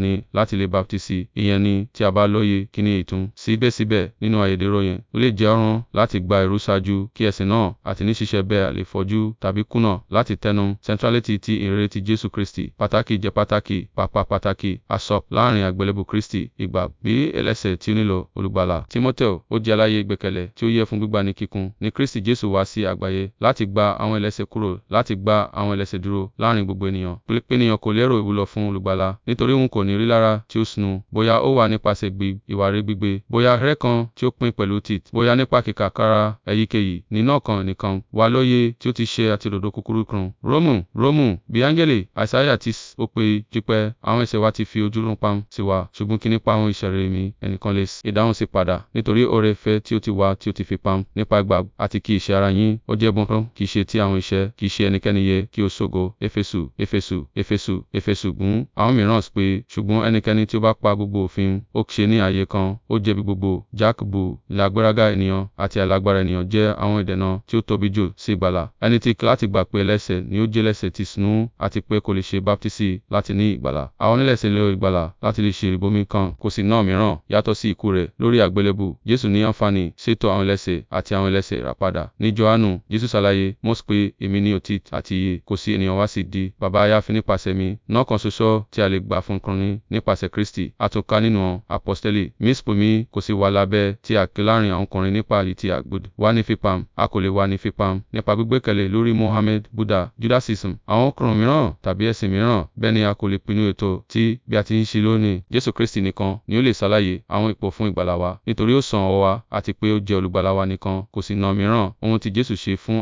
ni láti lè baptisi ìyẹn ni tí a bá lóye kíni ìtún. Síbẹ̀síbẹ̀, nínú ayédèrú yẹn, ó lè jẹ́ ọ̀ràn láti gba ẹ̀rù ṣáájú kí ẹ̀sìn náà àti ní ṣíṣe bẹ́ẹ̀ lè fọ́jú tàbí kùnà láti tẹnu. Centrality ti ìrere ti Jésù Kristi, pàtàkì jẹ́ pàtàkì, pàápàá pàtàkì, asop láàrin àgbélébù Kristi, ìgbà bí ẹlẹ́sẹ̀ tí ó nílò olùgbàlà. Timoteo, ó jẹ́ aláyé ìgbẹ́kẹ̀lé tí ó yẹ fún gbígbani kíkún ní Kristi Jésù wá sí àgbáyé láti gba àwọn ẹlẹ́sẹ̀ kúrò, láti gba àwọn ẹlẹ́sẹ̀ dúró láàrin gbogbo ènìyàn. Pé ènìyàn kò lérò ìwúlò fún olùgbàlà, nítorí òun kò ní rí lára tí ó sunu, bóyá ó wà nípasẹ̀ gbí ìwà rere gbígbé, bóyá rẹ̀ kan tí ó pín pẹ̀lú tit, bóyá nípa kíkàkàrà èyíkéyìí, nínú ọkàn ẹnìkan wà lóye tí ó ti ṣe àti òdodo kúkúrú kan. Rómù, Rómù, bí áńgẹ́lì, Àìsáyà ti ó pé jípẹ́, àwọn ẹ̀ṣẹ̀ wa ti fi ojú run pam sí wa, ṣùgbọ́n kí nípa àwọn iṣẹ́ mi, ẹnìkan lè ìdáhùn sí padà, nítorí oore fẹ́ tí ó ti wà tí ó ti fi pam nípa ìgbàgbọ́ àti kì í ṣe ara yín, ó jẹ́ ẹ̀bùn kan, kì í ṣe ti àwọn iṣẹ́, kì í ṣe ẹnikẹ́ni yẹ kí ó sọ ṣògo, Efesu, Efesu, Efesu, Efesu gún. Àwọn mìíràn sọ pé, ṣùgbọ́n ẹnikẹ́ni tí ó bá pa gbogbo òfin, ó ṣe ní ààyè kan, ó jẹ̀bi gbogbo. Jakọbu, ilẹ̀ agbéraga ènìyàn àti àìlágbára ènìyàn jẹ́ àwọn ìdènà tí ó tóbi jù sí ìgbàlà. Ẹni tí láti gbà pé ẹlẹ́ṣẹ̀ ni ó jẹ́ ẹlẹ́ṣẹ̀ ti sínú àti pé kò lè ṣe baptisi láti ní ìgbàlà. Àwọn onílẹ̀ṣẹ̀ lè ìgbàlà láti lè ṣe ìrìbọmi kan, kò sí náà mìíràn, yàtọ̀ sí ikú rẹ̀ lórí àgbélébù. Jésù ní àǹfààní ṣètò àwọn ẹlẹ́ṣẹ̀ àti àwọn ẹlẹ́ṣẹ̀ ìràpadà. Ní Jòhánù, Jésù ṣàlàyé, mo sọ pé, èmi ni òtítọ́ àti ìyè, kò sí tí ènìyàn wá sì di baba àyàfi nípasẹ̀ mi, náà kan ṣoṣo tí a lè gbà fún ọkùnrin nípasẹ̀ Kristi, a tún kà nínú apọ́stélì. Mísípù mi kò sì wà lábẹ́ ti àkè láàrin àwọn ọkùnrin nípa èyí tí a gbọ́dọ̀ wà ní fipam, a kò lè wà ní fipam, nípa gbígbẹ́kẹ̀lé lórí Mohammed, Buddha, Judaism, àwọn ọkùnrin mìíràn tàbí ẹ̀sìn mìíràn, bẹ́ẹ̀ ni a kò lè pinnu ètò tí bí a ti ń ṣe lónìí. Jésù Kristi nìkan ni ó lè ṣàlàyé àwọn ipò fún ìgbàlà wa, nítorí ó san ọ̀wọ́ wa àti pé ó jẹ́ olùgbàlà wa nìkan, kò sí ọ̀nà mìíràn. Ohun tí Jésù ṣe fún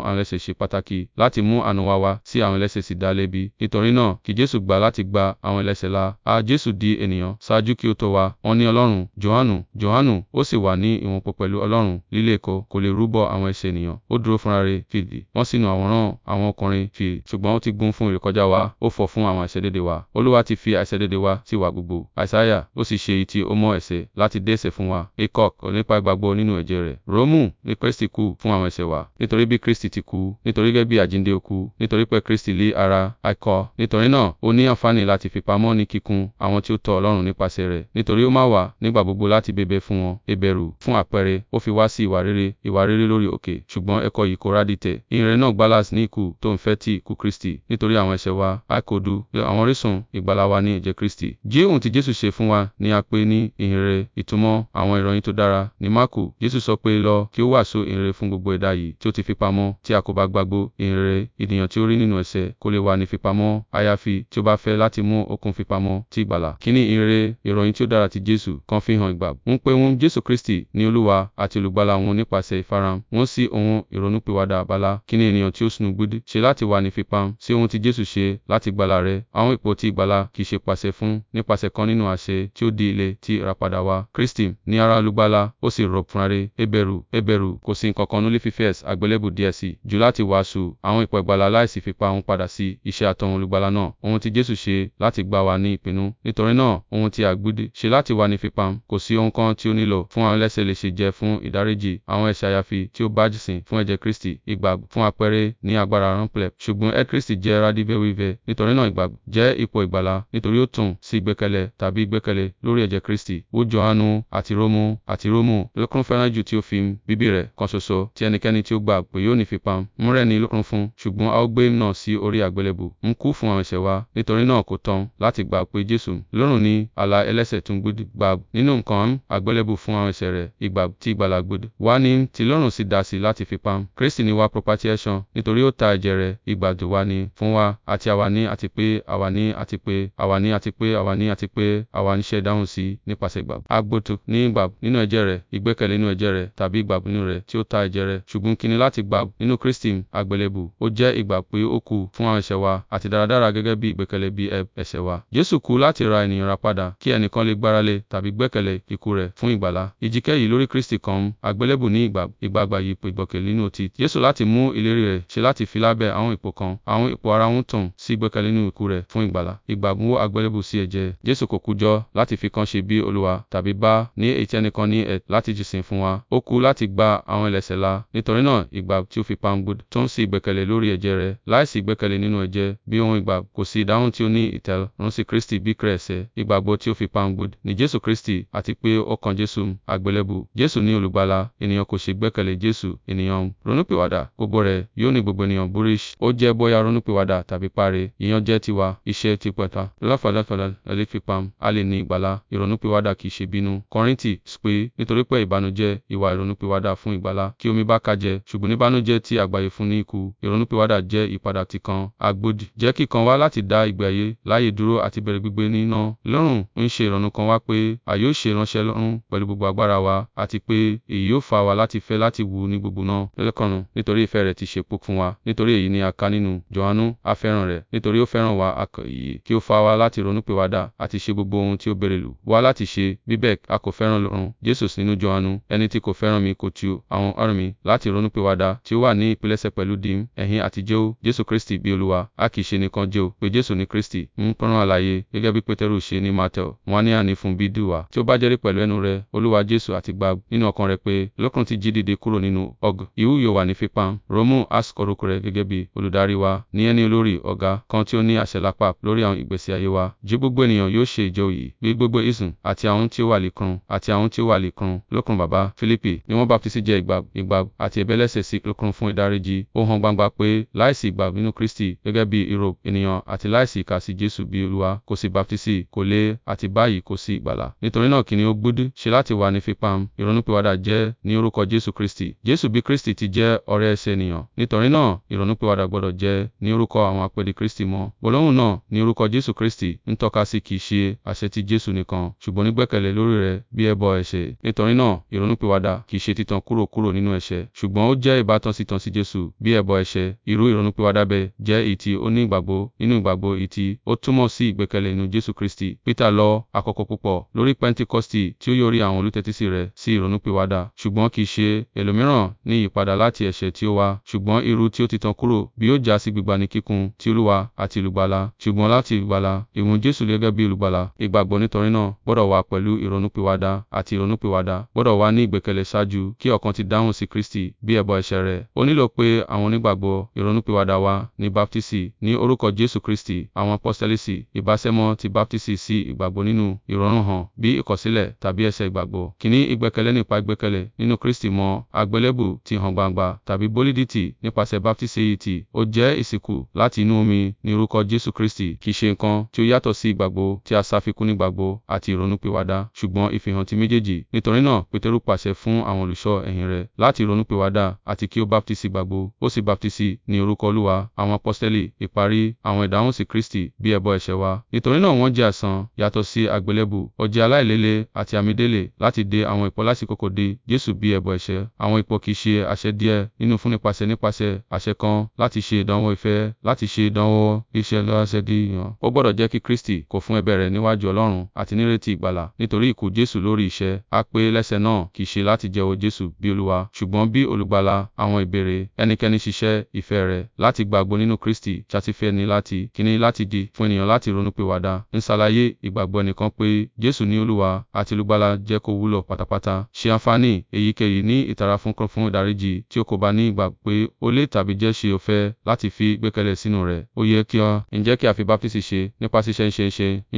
ẹlẹ́ṣẹ̀ sì dá lẹ́bi. Nítorí náà, kí Jésù gbà láti gba àwọn ẹlẹ́ṣẹ̀ là. A Jésù di ènìyàn ṣáájú kí ó tó wá. Wọ́n ní Ọlọ́run, Jòhánù, Jòhánù, ó sì wà ní ìwọ̀npọ̀ pẹ̀lú Ọlọ́run líle kọ, kò lè rúbọ àwọn ẹ̀ṣẹ̀ ènìyàn. Ó dúró fúnra rẹ̀ fìdí. Wọ́n sì nu àwòrán àwọn ọkùnrin fìdí. Ṣùgbọ́n ó ti gún fún ìrékọjá wa, ó fọ̀ fún àwọn àìṣedéédé wa. Olúwa ti fi àìṣedéédé wa sí wa gbogbo. Àìsáyà, ó sì ṣe tí ó mọ ẹ̀ṣẹ̀ láti dé ẹ̀ṣẹ̀ fún wa. Ecok, nípa ìgbàgbọ́ nínú ẹ̀jẹ̀ rẹ̀. Rómù, ní Kristi kú fún àwọn ẹ̀ṣẹ̀ wa. Nítorí bí Kristi ti kú, nítorí gẹ́gẹ́ bí àjíǹde ó kú, nítorí pé Kristi sì ara àìkọ́. Nítorí náà, ó ní àǹfààní láti fipamọ́ ní kíkún àwọn tí ó tọ Ọlọ́run nípasẹ̀ rẹ̀, nítorí ó máa wà nígbà gbogbo láti bèbè fún wọn. Ìbẹ̀rù fún àpẹẹrẹ, ó fi wá sí ìwà rere, ìwà rere lórí òkè, ṣùgbọ́n ẹ̀kọ́ yìí kò rádìtẹ̀. Ìyìnrere náà gbàlà ní ikú tó ń fẹ́ ti ikú Kristi, nítorí àwọn ẹ̀ṣẹ̀ wa, àìkòdù, àwọn orísun ìgbàlà wa ní ẹ̀jẹ̀ Kristi. Jí ohun tí Jésù ṣe fún wa ni a pè ní ìyìnrere. Ìtumọ̀ àwọn ìròyìn tó dára ní Máàkù. Jésù sọ pé lọ kí ó wàásù ìyìnrere fún gbogbo ẹ̀dá yìí tí ó ti fipamọ́, tí a kò bá gbàgbọ́ ìyìnrere, ènìyàn tí ó rí nínú ẹ̀ṣẹ̀ ẹ̀ṣẹ̀ kó lè wà ní fipamọ́, àyàfi tí ó bá fẹ́ láti mú okun fipamọ́ ti ìgbàlà. Kíni ìhìnrere, ìròyìn tí ó dára ti Jésù, kan fi hàn ìgbà. Ń pé òun Jésù Kristi ní Olúwa àti Olùgbàlà wọn nípasẹ̀ ìfarahàn. Wọ́n sí ohun ìrònúpìwàdà àbálá. Kíni ènìyàn tí ó sunu gbúdú ṣe láti wà ní fipam? Sí ohun tí Jésù ṣe láti gbàlà rẹ̀. Àwọn ipò ti ìgbàlà kì í ṣe pàṣẹ fún nípasẹ̀ kan nínú àṣẹ tí ó di ilẹ̀ ti ìràpadà wa. Kristi ní ara Olùgbàlà, ó sì rọ̀ fúnra rẹ̀. Ẹbẹ̀rù, ẹbẹ̀rù, kò sí nǹkan kan nílé fífẹ́ àgbélébù díẹ̀ sí jù padà sí iṣẹ́ àtọ̀run olùgbàlà náà, ohun tí Jésù ṣe láti gbà wá ní ìpinnu. Nítorí náà, ohun tí a gbọ́dọ̀ ṣe láti wà ní fífipamọ́, kò sí ohun kan tí ó nílò fún àwọn ẹlẹ́ṣẹ̀ lè ṣe jẹ́ fún ìdáríjì àwọn ẹ̀ṣẹ̀ àyàfi tí ó bá jìnnà fún ẹ̀jẹ̀ Kristi. Ìgbàgbọ́ fún àpẹẹrẹ ní agbára ránpẹ́, ṣùgbọ́n ẹ̀ Kristi jẹ́ rádíbẹ́wíwẹ́. Nítorí náà ìgbàgbọ́ jẹ́ ipò ìgbàlà, nítorí ó tún sí ìgbẹ́kẹ̀lé tàbí ìgbẹ́kẹ̀lé lórí ẹ̀jẹ̀ Kristi. Wo Johanu àti Romu àti Romu lọ́kùnrin fẹ́ràn jù tí ó fi bíbí rẹ̀ kan ṣoṣo tí ẹnikẹ́ni tí ó gbà pé yóò ní fipamọ́. Mú rẹ̀ ní lọ́kùnrin fún, ṣùgbọ́n a ó gbé náà sí orí àgbélébù ń kú fún àwọn ẹ̀ṣẹ̀ wa nítorí náà kò tán láti gbà pé Jésù lọ́rùn ní àlà ẹlẹ́ṣẹ̀ tún gbọ́dọ̀ gbà nínú nǹkan àgbélébù fún àwọn ẹ̀ṣẹ̀ rẹ̀ ìgbà tí ìgbàlà gbọ́dọ̀ wá ní ti lọ́rùn sì dá sí láti fi pam Kristi ni wa propitiation nítorí ó ta ẹ̀jẹ̀ rẹ̀ ìgbàdò wa ni fún wa àti àwa ní àti pé àwa ní àti pé àwa ní àti pé àwa ní àti pé àwa ń ṣe dáhùn sí nípasẹ̀ ìgbà agbóto ní ìgbà nínú ẹ̀jẹ̀ rẹ̀ ìgbẹ́kẹ̀lé nínú ẹ̀jẹ̀ rẹ̀ tàbí ìgbà nínú rẹ̀ tí ó ta ẹ̀jẹ̀ rẹ̀ ṣùgbọ́n kíni láti gbà nínú Kristi àgbélébù ó jẹ́ ìgbà pé ó kú kú fún àwọn ẹ̀ṣẹ̀ wa àti dáradára gẹ́gẹ́ bí ìgbẹ́kẹ̀lé bí ẹ̀ṣẹ̀ wa. Jésù kú láti ra ènìyàn rà padà kí ẹnìkan lè gbáralé tàbí gbẹ́kẹ̀lé ikú rẹ̀ fún ìgbàlá. Ìjìkẹ́ yìí lórí Kristi kan àgbélébù ní ìgbàgbà yípo ìgbọ́kẹ̀lé nínú òtítọ́. Jésù láti mú ìlérí rẹ̀ ṣe láti fi lábẹ́ àwọn ipò kan, àwọn ipò ara ń tàn sí ìgbẹ́kẹ̀lé nínú ikú rẹ̀ fún ìgbàlá. Ìgbàgbọ́ àgbélébù sí ẹ̀jẹ̀. Jésù kò kú jọ láti fi kan ṣe bí Olúwa tàbí bá ní ètí ẹnìkan ní ẹ̀ láti jìsìn fún wa. Ó kú láti gba àwọn ẹlẹ́ṣẹ̀ là. Nítorí náà ìgbà tí ó fi pangod tó ń sí ìgbẹ́kẹ̀lé lórí ẹ̀jẹ̀ rẹ̀ láìsí ìgbẹ́ ìgbẹ́kẹ̀lé nínú ẹ̀jẹ̀ bí ohun ìgbà kò sí ìdáhùn tí ó ní ìtẹ́lọ́rùn sí Kristi bí kéré ẹ̀ṣẹ̀ ìgbàgbọ́ tí ó fi pangbod ní Jésù Kristi àti pé ó kan Jésù àgbélébù Jésù ní olùgbàlà ènìyàn kò ṣe gbẹ́kẹ̀lé Jésù ènìyàn ronúpìwàdà gbogbo rẹ̀ yóò ní gbogbo ènìyàn burish ó jẹ́ bóyá ronúpìwàdà tàbí parẹ́ ìyàn jẹ́ tiwa iṣẹ́ ti pẹ̀ta lọ́fàlọ́fàlà ẹlẹ́fipam a lè ní ìgbàlà ìrònúpìwàdà kì í ṣe bínú Kọ́ríńtì pé nítorí pé ìbànújẹ́ ìwà ìrònúpìwàdà fún ìgbàlà kí omi bá kájẹ ṣùgbọ́n níbànújẹ́ tí àgbáyé kíkan. Agbòdì jẹ́ kíkan wá láti dá ìgbé ayé láyè dúró àti bẹ̀rẹ̀ gbígbé nínú Ọlọ́run ń ṣe ìrònú kan wá pé a yóò ṣe ìránṣẹ́ Ọlọ́run pẹ̀lú gbogbo agbára wa àti pé èyí yóò fà wá láti fẹ́ láti wù ní gbogbo ọ̀nà lẹ́lẹ́kọ̀ọ́rùn nítorí ìfẹ́ rẹ̀ ti ṣepọ̀ fún wa. Nítorí èyí ni a kà nínú Jòhánù, a fẹ́ràn rẹ̀ nítorí ó fẹ́ràn wa a kọ̀ èyí kí ó fà wá láti ronúpìwàdà àti ṣe gbogbo ohun tí ó béèrè lù wá láti ṣe. Bí bẹ́ẹ̀ a kò fẹ́ràn Ọlọ́run. Jésù nínú Jòhánù, ẹni tí kò fẹ́ràn mi kò tu àwọn ọ̀ràn mi láti ronúpìwàdà tí ó wà ní ìpilẹ̀ṣẹ̀ pẹ̀lú dìm, ẹ̀yin àtijọ́ Jésù Kristi. Kristi bí Olúwa, a kì í ṣe nìkan jẹ́ o, pé Jésù ni Kristi, ń fọ́nrán àlàyé, gẹ́gẹ́ bí Pétérù ṣe ní Mateo, wọ́n á ní àní fún bídú wa. Tí o bá jẹ́rìí pẹ̀lú ẹnu rẹ, Olúwa Jésù àti gbà nínú ọkàn rẹ pé lọ́kàn ti jí dìde kúrò nínú ọ̀g, ìhù yóò wà ní fífàn. Rómù ask orúkọ rẹ gẹ́gẹ́ bí olùdarí wa, ní ẹni olórí ọ̀gá kan tí ó ní àṣẹ lápá lórí àwọn ìgbésí ayé wa. Jí gbogbo ènìyàn yóò ṣe ìjọ yìí, bí gbogbo ìsùn àti àwọn tí ó wà lìkùn àti àwọn tí ó wà lìkùn lókun bàbá Fílípì ni wọ́n bá fi sí jẹ ìgbàgbọ́ ìgbàgbọ́ àti ẹ̀bẹ̀ lẹ́sẹ̀ sí lókun fún ìdáríjì. Ó hàn gbangba pé láìsí ìgbàgbọ́ nínú Kristi Kristi gẹ́gẹ́ bí irú ènìyàn àti láìsí ìkà sí Jésù bí Olúwa, kò sí baptisi, kò lè, àti báyìí kò sí ìgbàlà. Nítorí náà kín ni ó gbọdọ̀ ṣe láti wà ní fífipamọ́? Ìrònúpìwàdà jẹ́ ní orúkọ Jésù Kristi. Jésù bí Kristi ti jẹ́ ọrẹ ẹ̀ṣẹ̀ ènìyàn. Nítorí náà ìrònúpìwàdà gbọdọ̀ jẹ́ ní orúkọ àwọn àpèlé Kristi mọ́. Gbólóhùn náà ní orúkọ Jésù Kristi ń tọ́ka sí kì í ṣe àṣẹ ti Jésù nìkan, ṣùgbọ́n nígbẹ́kẹ̀lé lórí rẹ̀ bí ẹbọ ẹ̀ṣẹ̀. Nítorí náà ìrònúpìwàdà kì í ṣe títan kúrò kúrò nínú ẹ̀ṣẹ̀, ṣùgbọ́n ó jẹ́ ìbátan sítan sí Jésù bí ẹbọ ẹ̀ṣẹ̀. Irú ìrònúpìwàdà bẹ́ẹ̀ jẹ́ èyí tí ó ní ìgbàgbọ́ nínú ìgbàgbọ́ èyí tí ó túmọ̀ sí ìgbẹ́kẹ̀lé nínú Jésù Kristi. Peter lọ àkọ́kọ́ púpọ̀ lórí Pẹ́ńtíkọ́stì tí ó yọrí àwọn olùtẹ́tísí rẹ̀ sí ìrònúpìwàdà, ṣùgbọ́n kì í ṣe ẹlòmíràn ní ìyípadà láti ẹ̀ṣẹ̀ tí ó wá, ṣùgbọ́n irú tí ó ti tán kúrò bí yóò já sí gbígbà ní kíkún ti Olúwa àti olùgbàlà, ṣùgbọ́n láti ìgbàlà, ìmú Jésù gẹ́gẹ́ bí olùgbàlà, ìgbàgbọ́ nítorí náà gbọ́dọ̀ wá pẹ̀lú ìrònúpìwàdà àti ìrònúpìwàdà gbọ́dọ̀ wà ní ìgbẹ́kẹ̀lé ṣáájú kí ọkàn ti dáhùn sí Kristi bí ẹbọ ẹ̀ṣẹ̀ rẹ̀. Ó nílò pé àwọn onígbàgbọ́ ìrònúpìwàdà wá ní baptisi ní orúkọ Jésù Kristi, àwọn apọ́sítẹ́lẹ́sì, ìbáṣẹ́mọ́ ti baptisi sí ìgbàgbọ́ nínú ìrọ̀rùn hàn bí ìkọ̀sílẹ̀ tàbí ẹsẹ̀ ìgbàgbọ́. Kìíní ìgbẹ́kẹ̀lé nípa ìgbẹ́kẹ̀lé nínú Kristi mọ́ àgbélébù ti hàn gbangba tàbí bólídìtì nípasẹ̀ baptisi èyí tí ó jẹ́ ìsìnkú láti inú omi ní orúkọ Jésù Kristi kìí ṣe nǹkan tí ó yàtọ̀ sí ìgbàgbọ́ tí a ṣàfikún ní ìgbàgbọ́ àti ìrònúpìwàdà ṣùgbọ́n ìfihàn ti méjèèjì. Nítorí náà Pétérù pàṣẹ fún àwọn olùṣọ́ ẹ̀yìn rẹ̀ láti ronúpìwàdà àti kí ó baptisi gbàgbọ́ ó sì baptisi ní orúkọ Olúwa àwọn àwọn apọ́stẹ́lì, ìparí, àwọn ìdáhùn sí Kristi bí ẹbọ ẹ̀ṣẹ̀ wa. Nítorí náà wọ́n jẹ́ asán, yàtọ̀ sí àgbélébùú, ọ̀jẹ̀ aláìlélẹ̀ àti àmìdélè láti de àwọn ipò lásìkòkò de Jesu bí ẹbọ ẹ̀ṣẹ̀. Àwọn ipò kì í ṣe àṣẹ díẹ̀ nínú fún nípasẹ̀ nípasẹ̀ àṣẹ kan láti ṣe ìdánwò ìfẹ́, láti ṣe ìdánwò iṣẹ́ lọ́sẹ̀ di ìyàn. Ó gbọdọ̀ jẹ́ kí Kristi kò fún ẹ̀bẹ̀ rẹ̀ níwájú Ọlọ́run àti nírètí ìgbàlà. Nítorí ikú Jesu lórí iṣẹ́, a pé lẹ́sẹ̀ náà kì í ṣe láti jẹ́wọ́ Jesu bí Olúwa, ṣùgbọ́n bí olùgbàlà. Àwọn ìbéèrè: Ẹnikẹ́ni ṣiṣẹ́ ìfẹ́ rẹ̀ láti gbàgbọ́ ìgbàgbọ́ nínú Kristi tí a ti fi ẹni láti kíní láti di fún ènìyàn láti ronúpìwàdà ń ṣàlàyé ìgbàgbọ́ ẹnìkan pé Jésù ní Olúwa àti Olùgbàlà jẹ́ kó wúlò pátápátá. Ṣe àǹfààní èyíkéyìí ní ìtara fún fún ìdáríjì tí o kò bá ní ìgbà pé ó lè tàbí jẹ́ ṣe ọ̀fẹ́ láti fi gbẹ́kẹ̀lé sínú rẹ̀. Ó yẹ kí ọ ǹjẹ́ kí a fi báptísì ṣe nípa ṣíṣe ń ṣe ń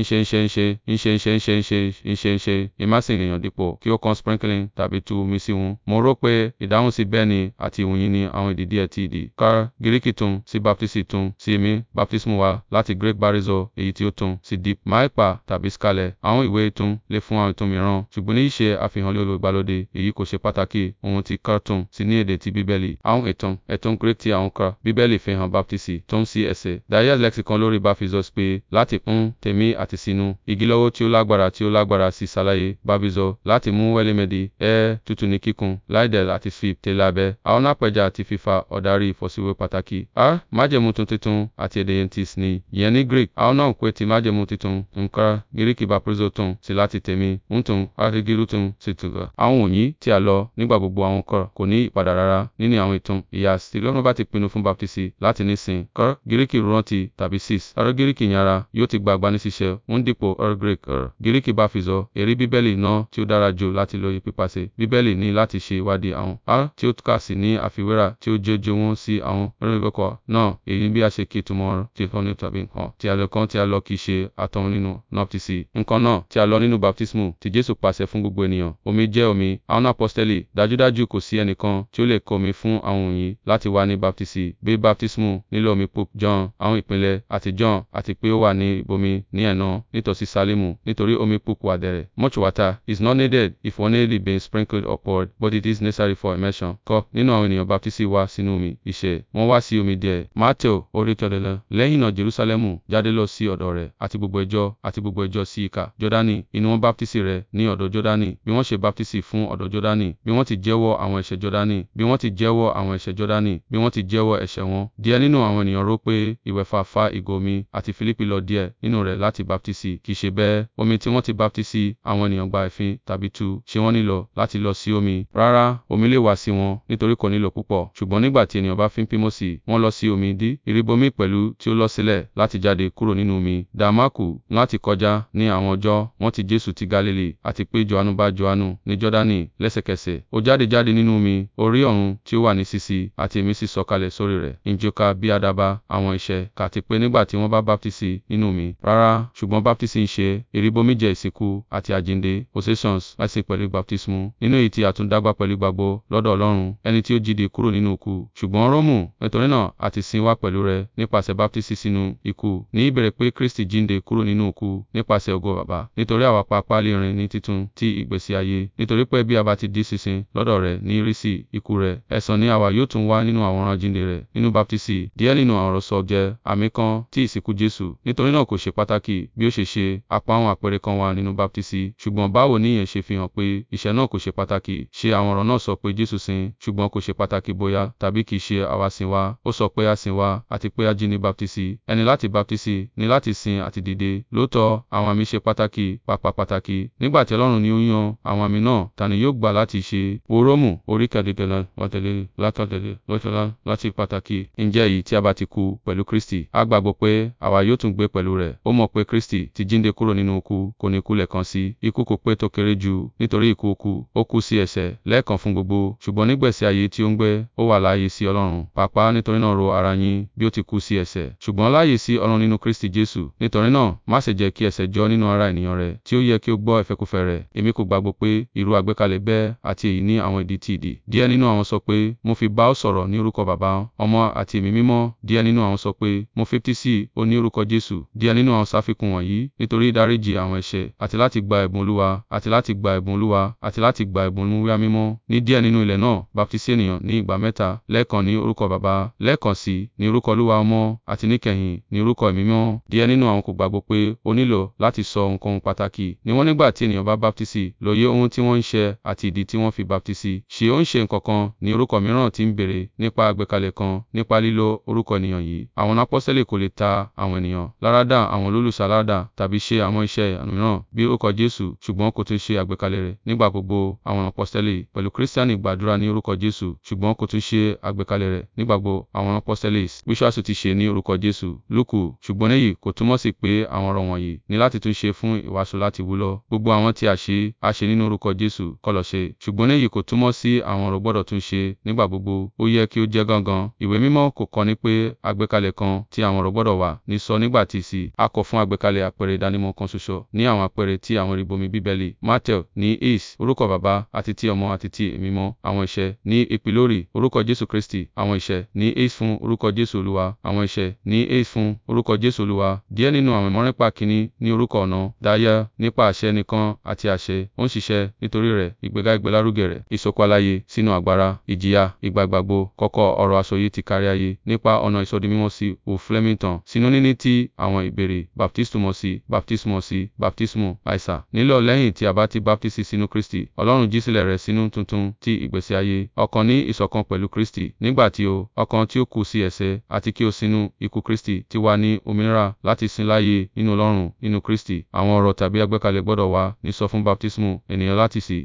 ṣe ń ṣe ń ṣe ń ṣe ń ṣe ń ṣe ń ṣe ń ṣe ń ṣe ń ṣe ìmásìn èèyàn dípò kí ó kan sprinkling tàbí tu omi sí wọn. Mo rò pé ìdáhùn sí bẹ́ẹ̀ ni àti ìwòyìn ni àwọn ìdìdí ẹ̀ ti dì. Kár Gíríkì tún sí baptisi tún sí ẹ̀mí baptismu wá láti Great barizo èyí tí ó tún sí dip maipa tàbí skalẹ̀. Àwọn ìwé ìtún lè fún àwọn ìtún mìíràn ṣùgbọ́n ní ìṣe àfihàn lílo ìgbàlódé èyí kò ṣe pàtàkì ohun tí kan tún sí ní èdè ti bíbélì. Àwọn ìtàn ẹ̀tún Greek ti àwọn kan bíbélì fi hàn baptisi tún sí ẹsẹ̀. Dayas lexicon lórí baptizos pé láti ń tèmí àti sínú ìgilọ́wọ́ tí ó lágbára tí ó lágbára sí ṣàlàyé baptizo láti mú wẹ́lẹ́mẹ̀dì ẹ́ tútù ní kíkún láìdẹ̀l àti fi tẹ̀lé abẹ́. Àwọn apẹja àti fífa ọ̀darí ìfọ̀síwé pàtàkì. R Májẹ̀mú tuntun àti èdè Yentis ni, ìyẹn ní Greek. A ó náà pé ti májẹ̀mú tuntun, nǹkan Gíríkì bapirizo tún, sí láti tèmi, ń tún, ágígírú tún, sí tùgà. Àwọn wọ̀nyí tí a lọ nígbà gbogbo àwọn kọ̀ kò ní ìpadà rárá nínú àwọn ìtàn. Ìyá sí lọ́rùn bá ti pinnu fún baptisi láti nísìn. Kọ́ Gíríkì rántí tàbí sis. Ọ̀rọ̀ Gíríkì yàrá yóò ti gba agbanisíṣẹ́, ń dípò ọ̀rọ̀ Greek. Ọ̀rọ̀ Gíríkì bá fi zọ èrí Bíbélì náà tí ó dára jù láti lóye pípasẹ̀. Bíbélì ní láti ṣe ìwádìí àwọn. A tí ó kà sí ní àfiwéra tí ó jẹ́ ju wọn sí àwọn orin ìgbẹ́kọ̀ náà náà èyí bí a ṣe kí ìtumọ̀ rẹ̀ ti hàn ní tàbí hàn tí a lọ kan tí a lọ kì í ṣe àtọ̀hún nínú nọ́pítìsì nǹkan náà tí a lọ nínú baptismu tí Jésù pàṣẹ fún gbogbo ènìyàn omi jẹ́ omi àwọn apọ́stẹ́lì dájúdájú kò sí ẹnìkan tí ó lè kọ omi fún àwọn òyìn láti wà ní baptisi bí baptismu nílò omi pope John àwọn ìpínlẹ̀ àti John àti pé ó wà ní ibomi ní ẹ̀nà nítòsí Sálímù nítorí omi pope wà dẹ̀rẹ̀ much water is not needed if only been sprinkled or poured but it is necessary for immersion kọ́ nínú àwọn ènìyàn baptisi wá sínú omi ìṣe wọ́n wá sí omi díẹ̀ Mateo orí kẹrẹlẹ. Lẹ́yìn náà Jerusalẹmu jáde lọ sí ọ̀dọ̀ rẹ̀ àti gbogbo ẹjọ́ àti gbogbo ẹjọ́ sí ìka Jọ́dánì. Inú wọn baptisi rẹ̀ ní ọ̀dọ̀ Jọ́dánì. Bí wọ́n ṣe baptisi fún ọ̀dọ̀ Jọ́dánì. Bí wọ́n ti jẹ́wọ́ àwọn ẹ̀ṣẹ̀ Jọ́dánì. Bí wọ́n ti jẹ́wọ́ àwọn ẹ̀ṣẹ̀ Jọ́dánì. Bí wọ́n ti jẹ́wọ́ ẹ̀ṣẹ̀ wọn. Díẹ̀ nínú àwọn ènìyàn rò pé ìwẹ̀fà fa ìgò omi àti Filipi lọ díẹ̀ nínú rẹ̀ láti baptisi. Kì í ṣe bẹ́ẹ̀. Omi tí wọ́n ti baptisi àwọn ènìyàn gba ẹ̀fín tàbí tu. Ṣé wọ́n nílò láti lọ sí omi? Rárá, omi lè wá sí wọn nítorí kò nílò púpọ̀. Ṣùgbọ́n nígbà tí ènìyàn bá fín Pímọ́sì, wọ́n lọ sí omi omi dí, ìrìbọmi pẹ̀lú tí ó lọ sílẹ̀ láti jáde kúrò nínú omi. Dàmáàkù láti kọjá ní àwọn ọjọ́ wọ́n ti Jesu ti Galili àti pé Johanu bá Johanu ní Jọ́dánì lẹ́sẹ̀kẹsẹ̀. Ó jáde jáde nínú omi, ó rí ọ̀run tí ó wà ní sísí àti ẹ̀mí sì sọ̀kalẹ̀ sórí rẹ̀. Ǹjọ́ka bí àdàbà àwọn iṣẹ́ kà pé nígbà tí wọ́n bá baptisi nínú omi, rárá, ṣùgbọ́n baptisi ń ṣe ìrìbọmi jẹ́ ìsìnkú àti àjíǹde, possessions, láìsí pẹ̀lú baptismu, nínú èyí tí a tún dàgbà pẹ̀lú ìgbàgbọ́ lọ́dọ̀ Ọlọ́run, ẹni tí ó jíde kúrò nínú òkú. Ṣùgbọ́n Rómù, nítorí náà a ti ìsìn wá pẹ̀lú rẹ̀ nípasẹ̀ baptisi sínú ikú, ní ìbẹ̀rẹ̀ pé Kristi jíǹde kúrò nínú òkú nípasẹ̀ ògo Baba, nítorí àwa pàápàá lè rìn ní títún ti ìgbésí ayé. Nítorí pé bí a bá ti di sísin lọ́dọ̀ rẹ̀ ní ìrísí ikú rẹ̀, ẹ̀san ni àwa yóò tún wà nínú àwòrán jíǹde rẹ̀ nínú baptisi. Díẹ̀ nínú àròsọ jẹ́ àmì kan ti ìsìnkú Jesu. Nítorí náà kò ṣe pàtàkì bí ó ṣe ṣe apá àwọn àpẹẹrẹ kan wà nínú baptisi. Ṣùgbọ́n báwo ni ìyẹn ṣe fihàn pé iṣẹ́ náà kò ṣe pàtàkì? Ṣé àwọn ọ̀rọ̀ náà sọ pé Jesu sin, ṣùgbọ́n kò ṣe pàtàkì bóyá tàbí kì í ṣe àwa sin wa? Ó sọ pé a ẹ̀sìn wa àti pé a jí ní baptisi, ẹni láti baptisi ni láti sin àti dìde. Lóòótọ́, àwọn àmì ṣe pàtàkì, pàápàá pàtàkì. Nígbà tí Ọlọ́run ni ó yan àwọn àmì náà, ta ni yóò gbà láti ṣe? Wo Rómù, orí kẹ̀dẹ̀kẹ̀lá, ọ̀tẹ̀lẹ̀, látọ̀tẹ̀lẹ̀, lọ́tọ̀lá, láti pàtàkì. Ǹjẹ́ èyí tí a bá ti kú pẹ̀lú Kristi, a gbàgbọ́ pé àwa yóò tún gbé pẹ̀lú rẹ̀. Ó mọ̀ pé Kristi ti jíǹde kúrò nínú ikú, kò ní kú lẹ́ẹ̀kan sí. Ikú kò pé tó kéré jù, nítorí ikú kú. Ó kú sí ẹ̀ṣẹ̀ lẹ́ẹ̀kan fún gbogbo, ṣùgbọ́n nígbèsí ayé tí ó ń gbé, ó wà láàyè sí Ọlọ́run. Pàápàá nítorí náà ro ara ara yín bí ó ti kú sí ẹ̀ṣẹ̀, ṣùgbọ́n láàyè sí Ọlọ́run nínú Kristi Jésù. Nítorí náà, má ṣe jẹ́ kí ẹ̀ṣẹ̀ jọ nínú ara ènìyàn rẹ, tí ó yẹ kí ó gbọ́ ìfẹ́kúfẹ̀ẹ́ rẹ̀. Èmi kò gbàgbọ́ pé irú àgbékalẹ̀ bẹ́ẹ̀ àti èyí ní àwọn ìdí ti ìdí. Díẹ̀ nínú àwọn sọ pé, mo fi bá ọ sọ̀rọ̀ ní orúkọ Bàbá, Ọmọ àti Ẹ̀mí Mímọ́. Díẹ̀ nínú àwọn sọ pé, mo fetí sí i ní orúkọ Jésù. Díẹ̀ nínú àwọn ṣàfikún wọ̀nyí nítorí ìdáríjì àwọn ẹ̀ṣẹ̀ àti láti gba ẹ̀bùn Olúwa, àti láti gba ẹ̀bùn Olúwa, àti láti gba ẹ̀bùn Wíwá Mímọ́. Ní díẹ̀ nínú ilẹ̀ náà, baptisi ènìyàn ní ìgbà mẹ́ta, lẹ́ẹ̀kan ní orúkọ Bàbá, lẹ́ẹ̀kan sí ní orúkọ Olúwa Ọmọ àti níkẹyìn ní orúkọ Ẹ̀mí Mímọ́. Díẹ̀ nínú àwọn kò gbàgbọ́ pé ó nílò láti sọ ohunkóhun pàtàkì ni wọ́n nígbà tí ènìyàn bá baptisi lóye ohun tí wọ́n ń ṣe àti ìdí tí wọ́n fi baptisi. Ṣé ó ń ṣe nǹkan kan ní orúkọ mìíràn tí ń béèrè nípa àgbékalẹ̀ kan nípa lílo orúkọ ènìyàn yìí. Àwọn apọ́sítélì kò lè ta àwọn ènìyàn láradà àwọn olólùṣàládà tàbí ṣe àwọn iṣẹ́ ìyanu mìíràn bí orúkọ Jésù ṣùgbọ́n kò tún ṣe àgbékalẹ̀ rẹ̀ nígbà gbogbo àwọn apọ́sítélì pẹ̀lú Kírísítẹ́nì gbàdúrà ní orúkọ Jésù ṣùgbọ́n kò tún ṣe àgbékalẹ̀ rẹ̀ nígbà gbogbo àwọn apọ́sítélì evangelist Bíṣọ́àsù ti ṣe ní orúkọ Jésù. Lúkù, ṣùgbọ́n èyí kò túmọ̀ sí pé àwọn ọ̀rọ̀ wọ̀nyí ní láti tún ṣe fún ìwàásù láti wúlò. Gbogbo àwọn tí a ṣe, a ṣe nínú orúkọ Jésù. Kọ̀lọ̀ṣe, ṣùgbọ́n èyí kò túmọ̀ sí àwọn ọ̀rọ̀ gbọ́dọ̀ tún ṣe nígbà gbogbo. Ó yẹ kí ó jẹ́ gangan. Ìwé Mímọ́ kò kọ́ni pé àgbékalẹ̀ kan tí àwọn ọ̀rọ̀ gbọ́dọ̀ wà ní sọ nígbà tí sì. A kọ̀ fún àgbékalẹ̀ àpẹẹrẹ ìdánimọ̀ kan ṣoṣo ní àwọn àpẹẹrẹ tí àwọn ìrìbọmi Bíbélì. Matthew ní Ace, orúkọ Bàbá àti ti Ọmọ àti ti Ẹ̀mí Mímọ́. Àwọn iṣẹ́ ní Epilori, orúkọ Jésù Kristi. Àwọn iṣẹ́ ní Ace fún orúkọ orúkọ Jésù Olúwa. Àwọn iṣẹ́ ní A fún orúkọ Jésù Olúwa. Díẹ̀ nínú àwọn ìmọ̀ràn nípa kínní ní orúkọ ọ̀nà dáyà nípa àṣẹ nìkan àti àṣẹ. Ó ń ṣiṣẹ́ nítorí rẹ̀ ìgbéga ìgbélárugẹ rẹ̀. Ìsopọ̀ aláyé sínú agbára ìjìyà ìgbàgbàgbò kọ́kọ́ ọ̀rọ̀ àsọyé ti kárí ayé nípa ọ̀nà ìsọdimímọ́ sí O Flemington. Sínú níní ti àwọn ìbéèrè baptismọ̀ sí baptismọ̀ sí baptismo àìsà nílò lẹ́yìn tí a bá ti baptisi sínú Kristi. Ọlọ́run jí sílẹ̀ rẹ̀ sínú tuntun ti ìgbésí ayé. Ọkàn ní ìṣọ̀kan pẹ̀lú Kristi nígbà tí ó ọkàn tí ó kù sí ẹ̀ṣẹ̀, àti kí ó sínú ikú Kristi, ti wá ní òmìnira láti sin láàyè nínú Ọlọ́run nínú Kristi. Àwọn ọ̀rọ̀ tàbí àgbékalẹ̀ gbọdọ̀ wà ní ìsọfún baptismù ènìyàn láti sì